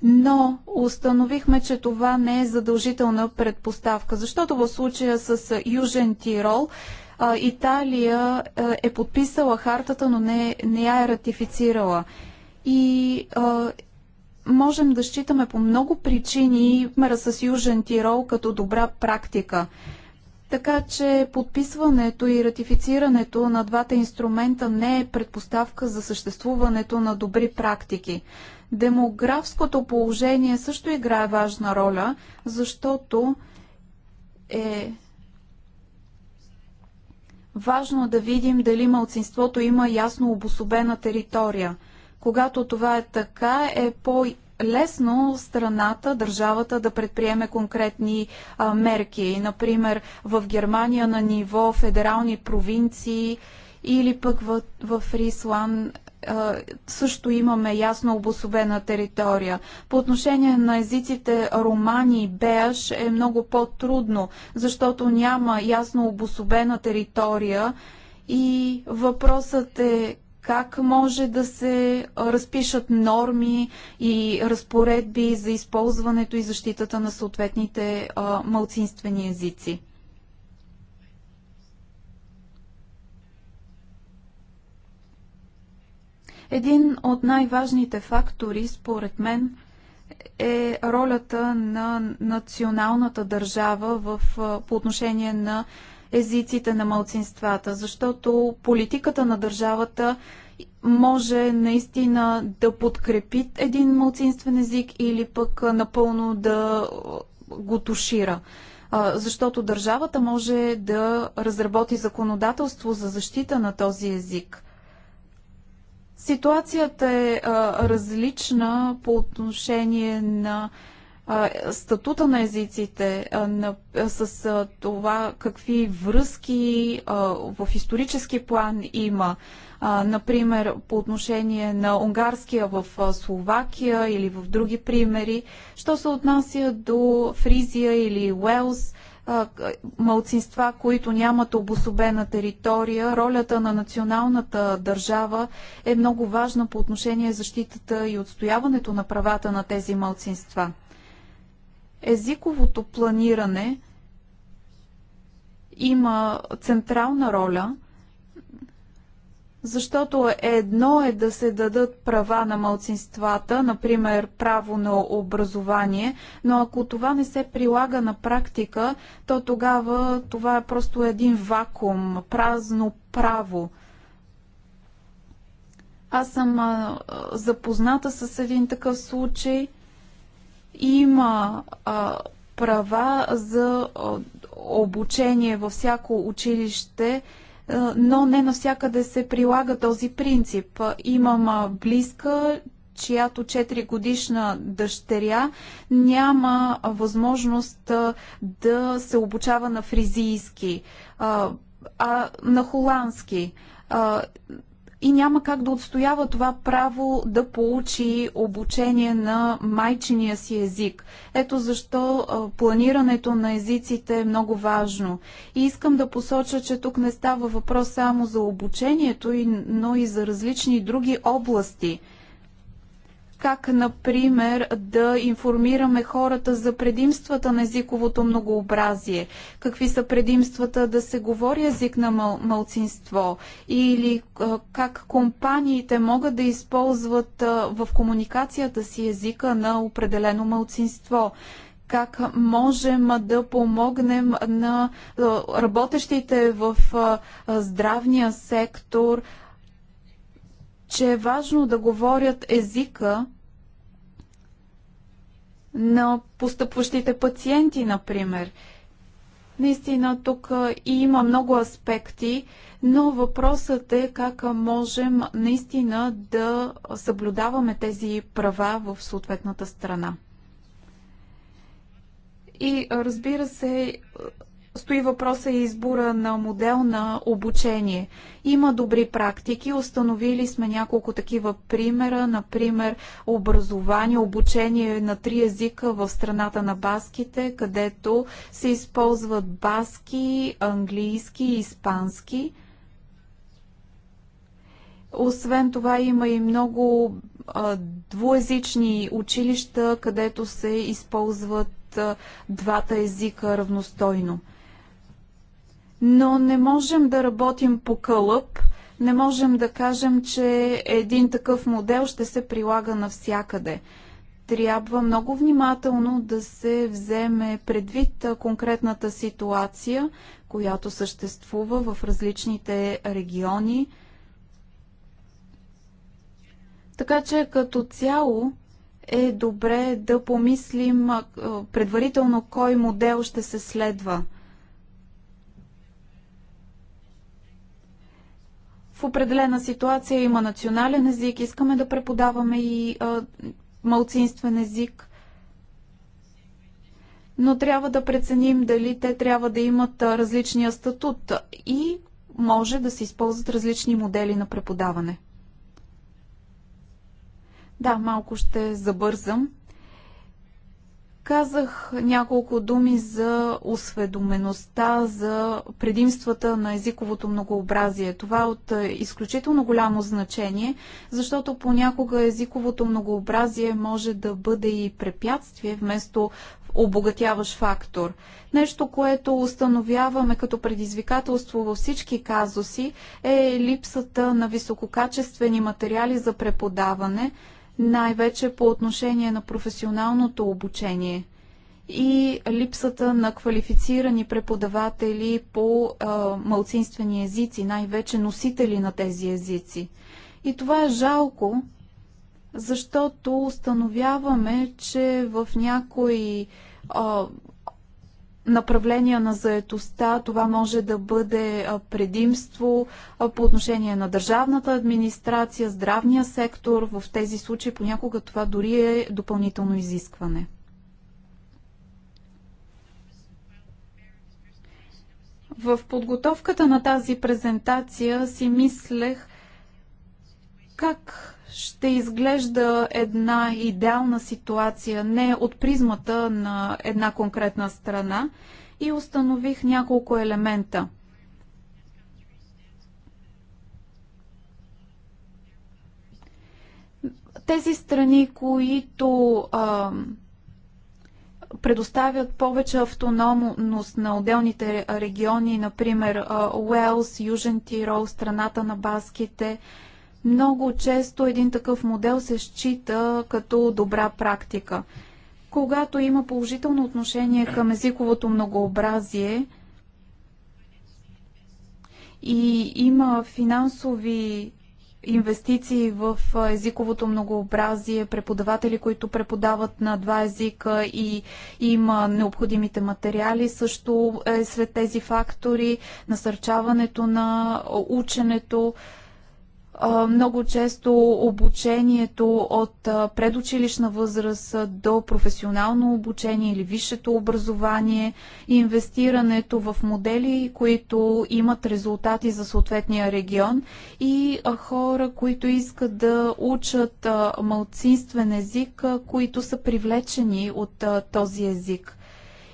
Но установихме, че това не е задължителна предпоставка, защото в случая с Южен Тирол Италия е подписала хартата, но не, не я е ратифицирала. И а, можем да считаме по много причини примера с Южен Тирол като добра практика. Така че подписването и ратифицирането на двата инструмента не е предпоставка за съществуването на добри практики. Демографското положение също играе важна роля, защото е важно да видим дали малцинството има ясно обособена територия. Когато това е така, е по- лесно страната, държавата да предприеме конкретни а, мерки. Например, в Германия на ниво федерални провинции или пък в, в Рислан също имаме ясно обособена територия. По отношение на езиците романи и беаш е много по-трудно, защото няма ясно обособена територия и въпросът е как може да се разпишат норми и разпоредби за използването и защитата на съответните малцинствени езици. Един от най-важните фактори, според мен, е ролята на националната държава в, по отношение на езиците на малцинствата, защото политиката на държавата може наистина да подкрепи един малцинствен език или пък напълно да го тушира. Защото държавата може да разработи законодателство за защита на този език. Ситуацията е различна по отношение на статута на езиците, с това какви връзки в исторически план има, например по отношение на унгарския в Словакия или в други примери, що се отнася до Фризия или Уелс, малцинства, които нямат обособена територия, ролята на националната държава е много важна по отношение защитата и отстояването на правата на тези малцинства езиковото планиране има централна роля, защото едно е да се дадат права на малцинствата, например право на образование, но ако това не се прилага на практика, то тогава това е просто един вакуум, празно право. Аз съм а, запозната с един такъв случай има а, права за обучение във всяко училище, но не навсякъде се прилага този принцип. Имам близка, чиято 4 годишна дъщеря няма възможност да се обучава на фризийски, а на холандски и няма как да отстоява това право да получи обучение на майчиния си език. Ето защо планирането на езиците е много важно. И искам да посоча, че тук не става въпрос само за обучението, но и за различни други области – как, например, да информираме хората за предимствата на езиковото многообразие, какви са предимствата да се говори език на мъл- мълцинство или как компаниите могат да използват в комуникацията си езика на определено мълцинство как можем да помогнем на работещите в здравния сектор, че е важно да говорят езика, на постъпващите пациенти, например. Наистина тук и има много аспекти, но въпросът е как можем наистина да съблюдаваме тези права в съответната страна. И разбира се, стои въпроса и избора на модел на обучение. Има добри практики, установили сме няколко такива примера, например образование, обучение на три езика в страната на баските, където се използват баски, английски и испански. Освен това има и много а, двуезични училища, където се използват а, двата езика равностойно но не можем да работим по кълъп, не можем да кажем, че един такъв модел ще се прилага навсякъде. Трябва много внимателно да се вземе предвид конкретната ситуация, която съществува в различните региони. Така че като цяло е добре да помислим предварително кой модел ще се следва – в определена ситуация има национален език, искаме да преподаваме и а, малцинствен език, но трябва да преценим дали те трябва да имат различния статут и може да се използват различни модели на преподаване. Да, малко ще забързам. Казах няколко думи за осведомеността, за предимствата на езиковото многообразие. Това е от е, изключително голямо значение, защото понякога езиковото многообразие може да бъде и препятствие вместо обогатяващ фактор. Нещо, което установяваме като предизвикателство във всички казуси е липсата на висококачествени материали за преподаване, най-вече по отношение на професионалното обучение и липсата на квалифицирани преподаватели по а, малцинствени езици, най-вече носители на тези езици. И това е жалко, защото установяваме, че в някои направления на заетостта. Това може да бъде предимство по отношение на държавната администрация, здравния сектор. В тези случаи понякога това дори е допълнително изискване. В подготовката на тази презентация си мислех как ще изглежда една идеална ситуация не от призмата на една конкретна страна и установих няколко елемента. Тези страни, които а, предоставят повече автономност на отделните региони, например Уелс, Южен Тирол, страната на баските, много често един такъв модел се счита като добра практика. Когато има положително отношение към езиковото многообразие и има финансови инвестиции в езиковото многообразие, преподаватели, които преподават на два езика и има необходимите материали също е сред тези фактори, насърчаването на ученето. Много често обучението от предучилищна възраст до професионално обучение или висшето образование, инвестирането в модели, които имат резултати за съответния регион и хора, които искат да учат малцинствен език, които са привлечени от този език.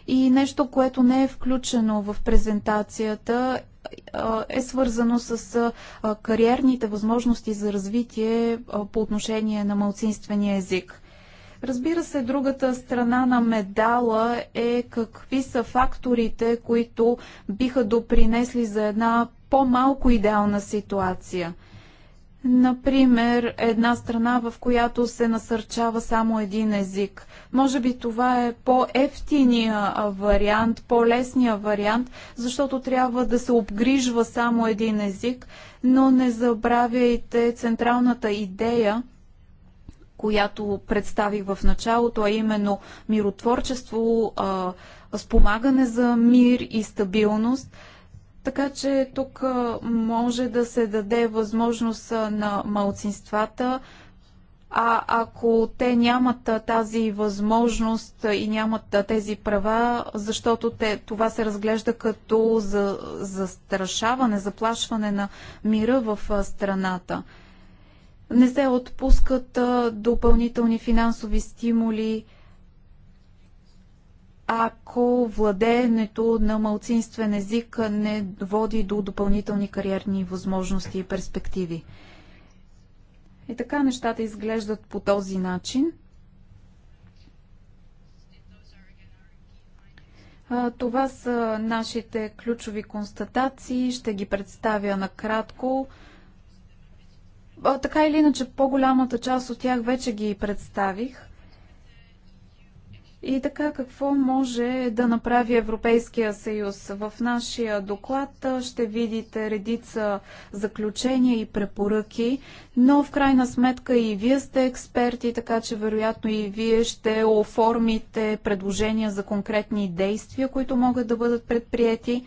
И нещо, което не е включено в презентацията е свързано с кариерните възможности за развитие по отношение на малцинствения език. Разбира се, другата страна на медала е какви са факторите, които биха допринесли за една по-малко идеална ситуация – Например, една страна, в която се насърчава само един език. Може би това е по-ефтиния вариант, по-лесния вариант, защото трябва да се обгрижва само един език, но не забравяйте централната идея, която представих в началото, а именно миротворчество, спомагане за мир и стабилност – така че тук може да се даде възможност на малцинствата, а ако те нямат тази възможност и нямат тези права, защото те, това се разглежда като за, застрашаване, заплашване на мира в страната. Не се отпускат допълнителни финансови стимули ако владеенето на малцинствен език не води до допълнителни кариерни възможности и перспективи. И така нещата изглеждат по този начин. Това са нашите ключови констатации. Ще ги представя накратко. Така или иначе, по-голямата част от тях вече ги представих. И така, какво може да направи Европейския съюз? В нашия доклад ще видите редица заключения и препоръки, но в крайна сметка и вие сте експерти, така че вероятно и вие ще оформите предложения за конкретни действия, които могат да бъдат предприяти.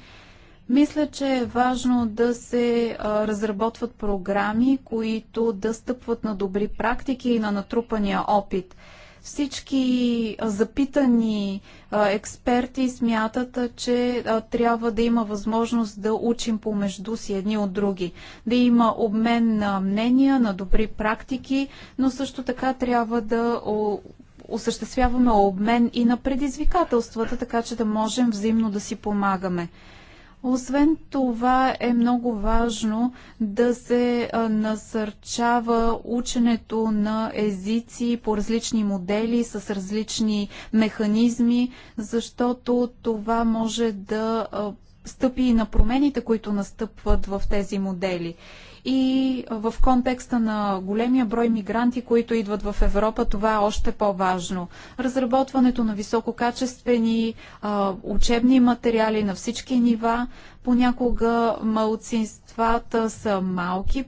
Мисля, че е важно да се а, разработват програми, които да стъпват на добри практики и на натрупания опит. Всички запитани експерти смятат, че трябва да има възможност да учим помежду си едни от други, да има обмен на мнения, на добри практики, но също така трябва да осъществяваме обмен и на предизвикателствата, така че да можем взаимно да си помагаме. Освен това е много важно да се насърчава ученето на езици по различни модели, с различни механизми, защото това може да стъпи и на промените, които настъпват в тези модели и в контекста на големия брой мигранти, които идват в Европа, това е още по-важно. Разработването на висококачествени а, учебни материали на всички нива, понякога малцинствата са малки,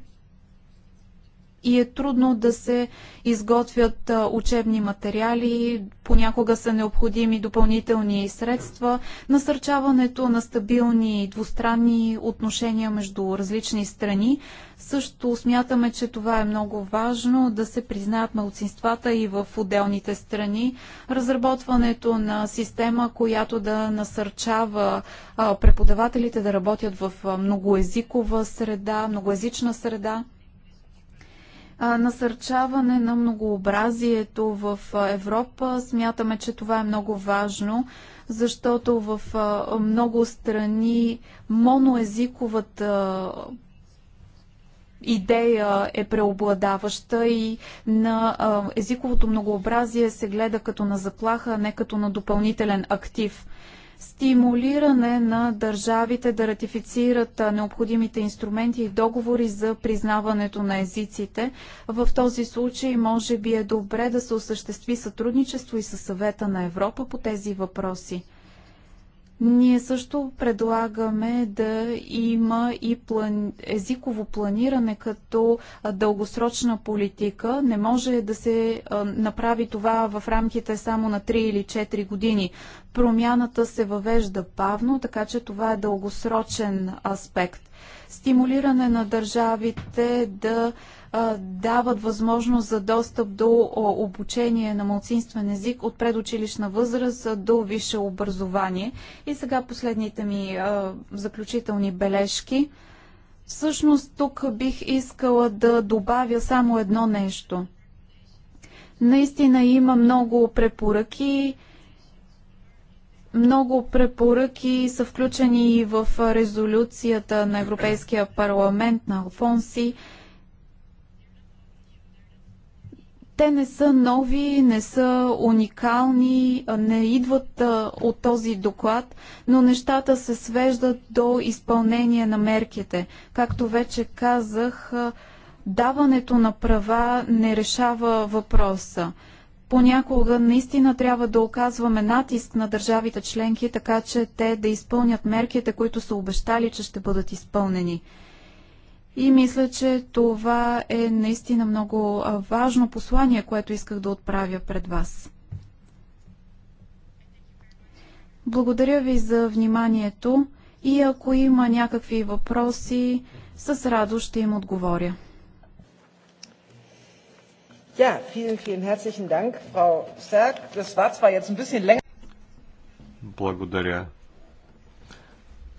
и е трудно да се изготвят учебни материали, понякога са необходими допълнителни средства. Насърчаването на стабилни двустранни отношения между различни страни също смятаме, че това е много важно да се признаят малцинствата и в отделните страни. Разработването на система, която да насърчава преподавателите да работят в многоезикова среда, многоезична среда насърчаване на многообразието в Европа. Смятаме, че това е много важно, защото в много страни моноезиковата идея е преобладаваща и на езиковото многообразие се гледа като на заплаха, а не като на допълнителен актив стимулиране на държавите да ратифицират необходимите инструменти и договори за признаването на езиците. В този случай може би е добре да се осъществи сътрудничество и със съвета на Европа по тези въпроси. Ние също предлагаме да има и план... езиково планиране като дългосрочна политика. Не може да се направи това в рамките само на 3 или 4 години. Промяната се въвежда бавно, така че това е дългосрочен аспект. Стимулиране на държавите да дават възможност за достъп до обучение на малцинствен език от предучилищна възраст до висше образование. И сега последните ми заключителни бележки. Всъщност тук бих искала да добавя само едно нещо. Наистина има много препоръки, много препоръки са включени и в резолюцията на Европейския парламент на Алфонси. Те не са нови, не са уникални, не идват от този доклад, но нещата се свеждат до изпълнение на мерките. Както вече казах, даването на права не решава въпроса. Понякога наистина трябва да оказваме натиск на държавите членки, така че те да изпълнят мерките, които са обещали, че ще бъдат изпълнени. И мисля, че това е наистина много важно послание, което исках да отправя пред вас. Благодаря ви за вниманието и ако има някакви въпроси, с радост ще им отговоря. Ja, vielen, vielen herzlichen Dank, Frau Serg. Das war zwar jetzt ein bisschen länger. Благодаря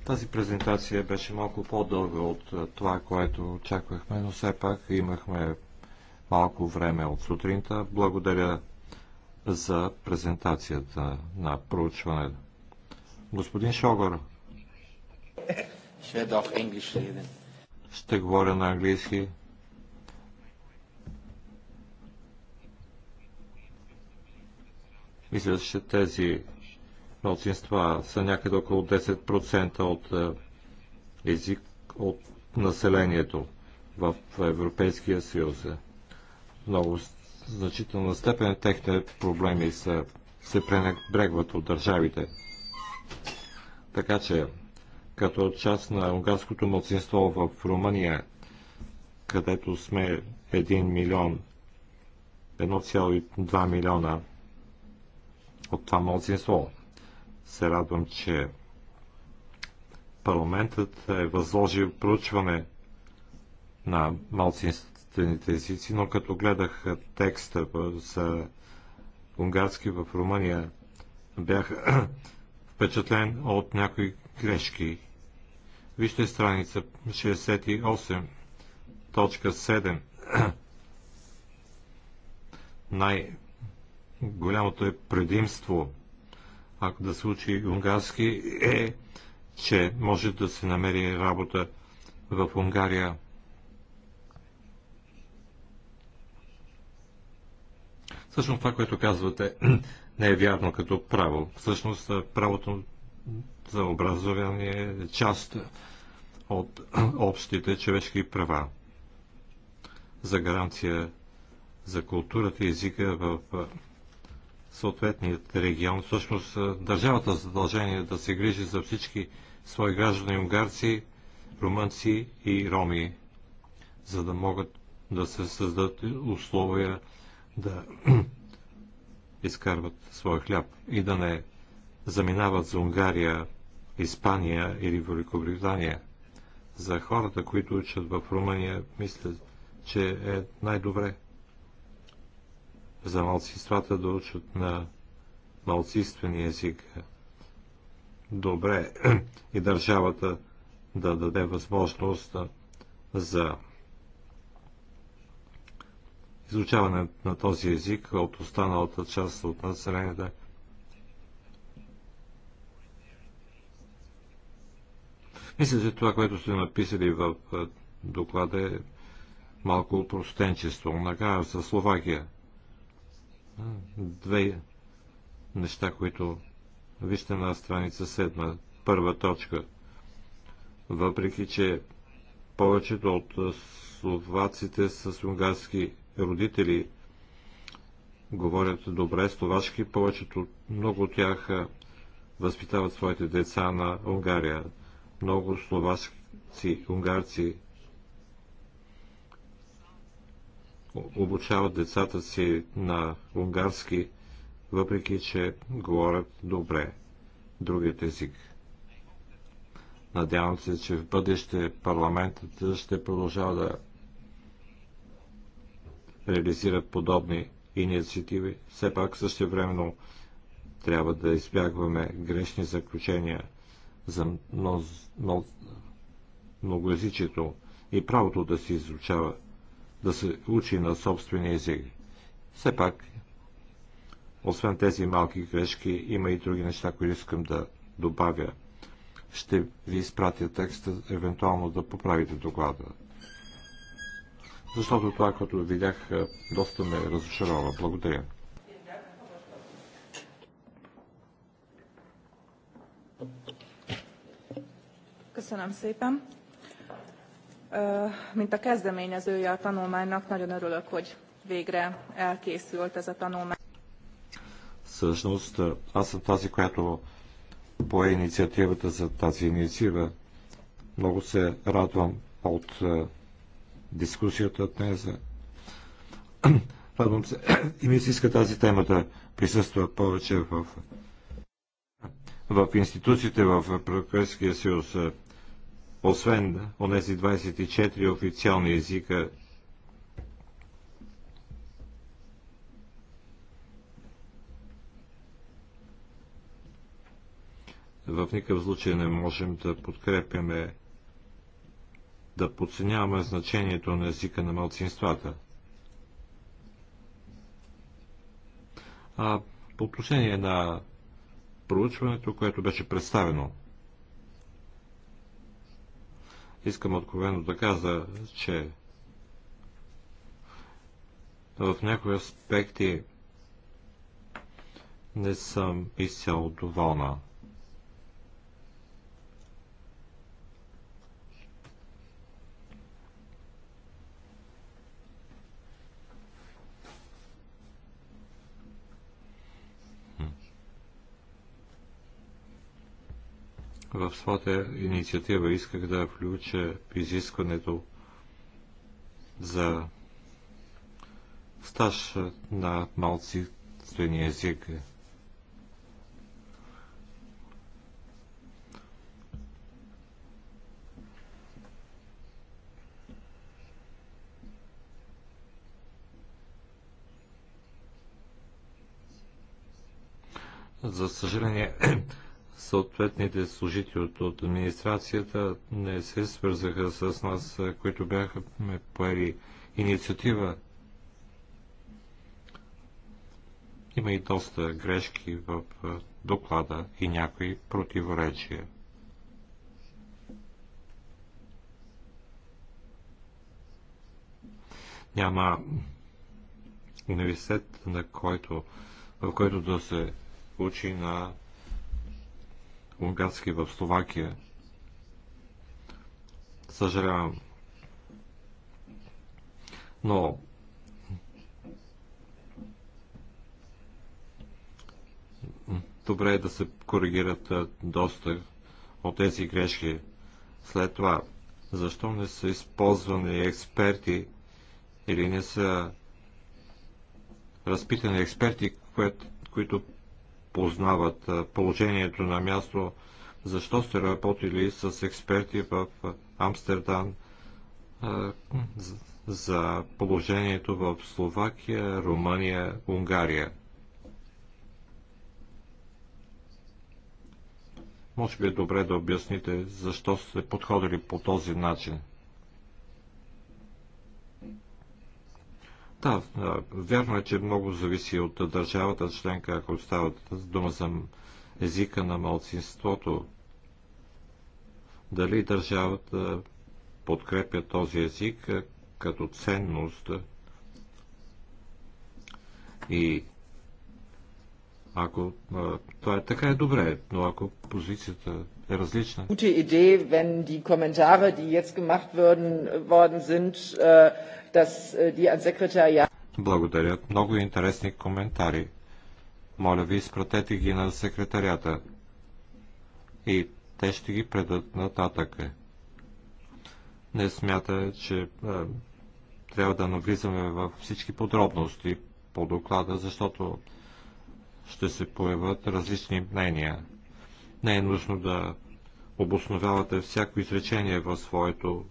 тази презентация беше малко по-дълга от това, което очаквахме, но все пак имахме малко време от сутринта. Благодаря за презентацията на проучването. Господин Шогор. Ще говоря на английски. Мисля, че тези Малцинства са някъде около 10% от е, език от населението в Европейския съюз. Много значителна степен техните проблеми са, се пренебрегват от държавите. Така че, като част на унгарското младсинство в Румъния, където сме 1 милион, 1,2 милиона от това младсинство, се радвам, че парламентът е възложил проучване на малцинствените езици, но като гледах текста за унгарски в Румъния, бях впечатлен от някои грешки. Вижте страница 68.7. Най-голямото е предимство ако да се учи унгарски, е, че може да се намери работа в Унгария. Всъщност това, което казвате, не е вярно като право. Всъщност правото за образование е част от общите човешки права за гаранция за културата и езика в съответният регион. Всъщност е, държавата задължение е да се грижи за всички свои граждани унгарци, румънци и роми, за да могат да се създадат условия да изкарват своя хляб и да не заминават за Унгария, Испания или Великобритания. За хората, които учат в Румъния, мисля, че е най-добре за малцинствата да учат на малцинствени език. Добре и държавата да даде възможност за изучаване на този език от останалата част от населението. Мисля, че това, което сте написали в доклада е малко простенчество. Накрая за Словакия две неща, които вижте на страница 7, първа точка. Въпреки, че повечето от словаците с унгарски родители говорят добре словашки, повечето, много от тях възпитават своите деца на Унгария. Много словашки унгарци обучават децата си на унгарски, въпреки че говорят добре другият език. Надявам се, че в бъдеще парламентът ще продължава да реализира подобни инициативи. Все пак същевременно трябва да избягваме грешни заключения за многоязичието и правото да се изучава да се учи на собствения език. Все пак, освен тези малки грешки, има и други неща, които искам да добавя. Ще ви изпратя текста, евентуално да поправите доклада. Защото това, което видях, е, доста ме разочарова. Благодаря. Köszönöm szépen mint a kezdeményezője a tanulmánynak, nagyon örülök, hogy végre elkészült ez a tanulmány. Всъщност, аз съм тази, която пое инициативата за тази инициатива. Много се радвам от е, дискусията днес. Радвам се и ми се иска тази тема да присъства повече в, в институциите в Европейския съюз освен онези 24 официални езика, в никакъв случай не можем да подкрепяме, да подценяваме значението на езика на малцинствата. А по отношение на проучването, което беше представено Искам откровено да кажа, че в някои аспекти не съм изцяло доволна. В своята инициатива исках да включа изискването за стаж на малцинствения език. За съжаление, съответните служители от, от администрацията не се свързаха с нас, които бяха ме поели инициатива. Има и доста грешки в доклада и някои противоречия. Няма университет, на който, в който да се учи на унгарски в Словакия. Съжалявам. Но добре е да се коригират доста от тези грешки. След това, защо не са използвани експерти или не са разпитани експерти, които познават положението на място, защо сте работили с експерти в Амстердам за положението в Словакия, Румъния, Унгария. Може би е добре да обясните защо сте подходили по този начин. Да, вярно е, че много зависи от държавата членка, ако става дума за езика на малцинството. Дали държавата подкрепя този език като ценност и ако това е така, е добре, но ако позицията е различна. Gute Idee, wenn die Kommentare, die jetzt gemacht worden sind, äh, Äh, Благодаря. Много интересни коментари. Моля ви, изпратете ги на секретарията. И те ще ги предат нататък. Не смята, че е, трябва да навлизаме във всички подробности по доклада, защото ще се появят различни мнения. Не е нужно да обосновявате всяко изречение в своето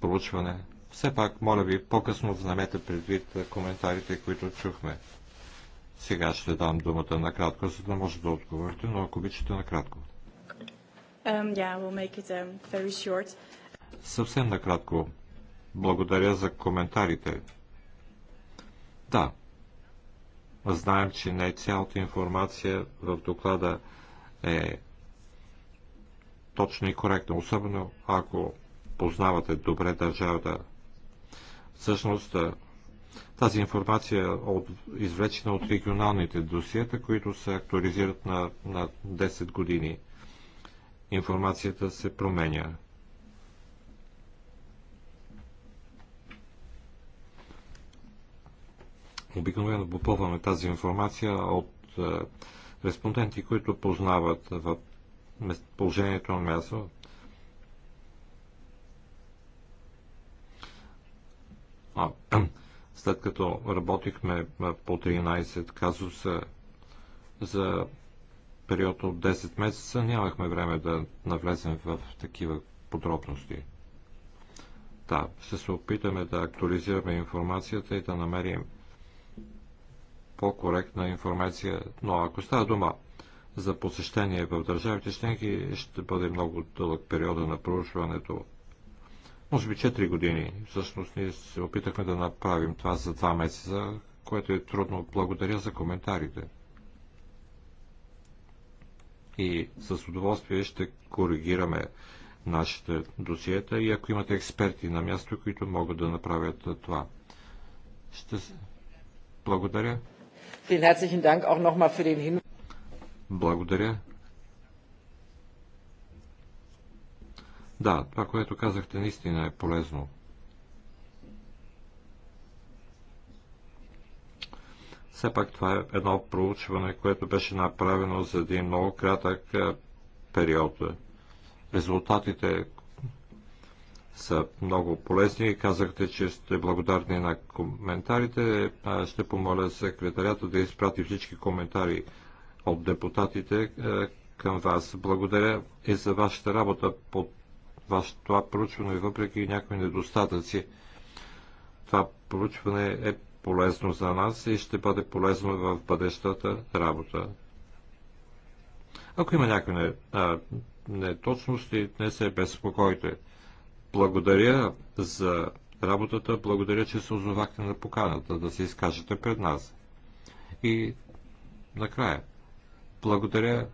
проучване. Все пак, моля ви, по-късно вземете предвид коментарите, които чухме. Сега ще дам думата накратко, за да може да отговорите, но ако обичате накратко. Um, yeah, we'll make it, um, very short. Съвсем накратко. Благодаря за коментарите. Да, знаем, че не цялата информация в доклада е точна и коректна, особено ако познавате добре държавата Всъщност тази информация от, извлечена от регионалните досиета, които се актуализират на, на 10 години. Информацията се променя. Обикновено попълваме тази информация от респонденти, които познават в положението на място. А, след като работихме по 13 казуса за период от 10 месеца, нямахме време да навлезем в такива подробности. Да, ще се опитаме да актуализираме информацията и да намерим по-коректна информация, но ако става дума за посещение в държавите членки, ще бъде много дълъг периода на проучването може би 4 години. Всъщност ние се опитахме да направим това за 2 месеца, което е трудно. Благодаря за коментарите. И с удоволствие ще коригираме нашите досиета и ако имате експерти на място, които могат да направят това. Ще... Благодаря. Благодаря Да, това, което казахте, наистина е полезно. Все пак това е едно проучване, което беше направено за един много кратък е, период. Резултатите са много полезни. Казахте, че сте благодарни на коментарите. Е, ще помоля секретарята да изпрати всички коментари от депутатите е, към вас. Благодаря и за вашата работа по вас това проучване въпреки някои недостатъци. Това проучване е полезно за нас и ще бъде полезно в бъдещата работа. Ако има някои неточности, не се безпокойте. Благодаря за работата, благодаря, че се озовахте на поканата да се изкажете пред нас. И накрая, благодаря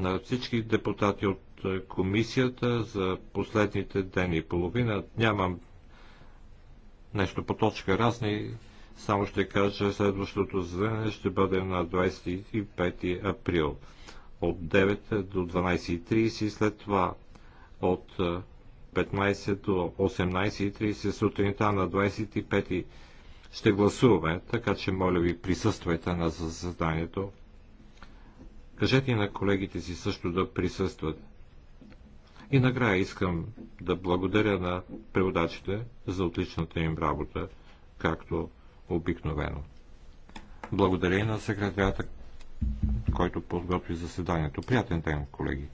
на всички депутати от е, комисията за последните ден и половина. Нямам нещо по точка разни, само ще кажа следващото заседание ще бъде на 25 април от 9 до 12.30, и след това от 15 е, до 18.30 сутринта на 25 ще гласуваме, така че моля ви присъствайте на заседанието. Кажете и на колегите си също да присъстват. И накрая искам да благодаря на преводачите за отличната им работа, както обикновено. Благодаря и на секретарята, който подготви заседанието. Приятен ден, колеги!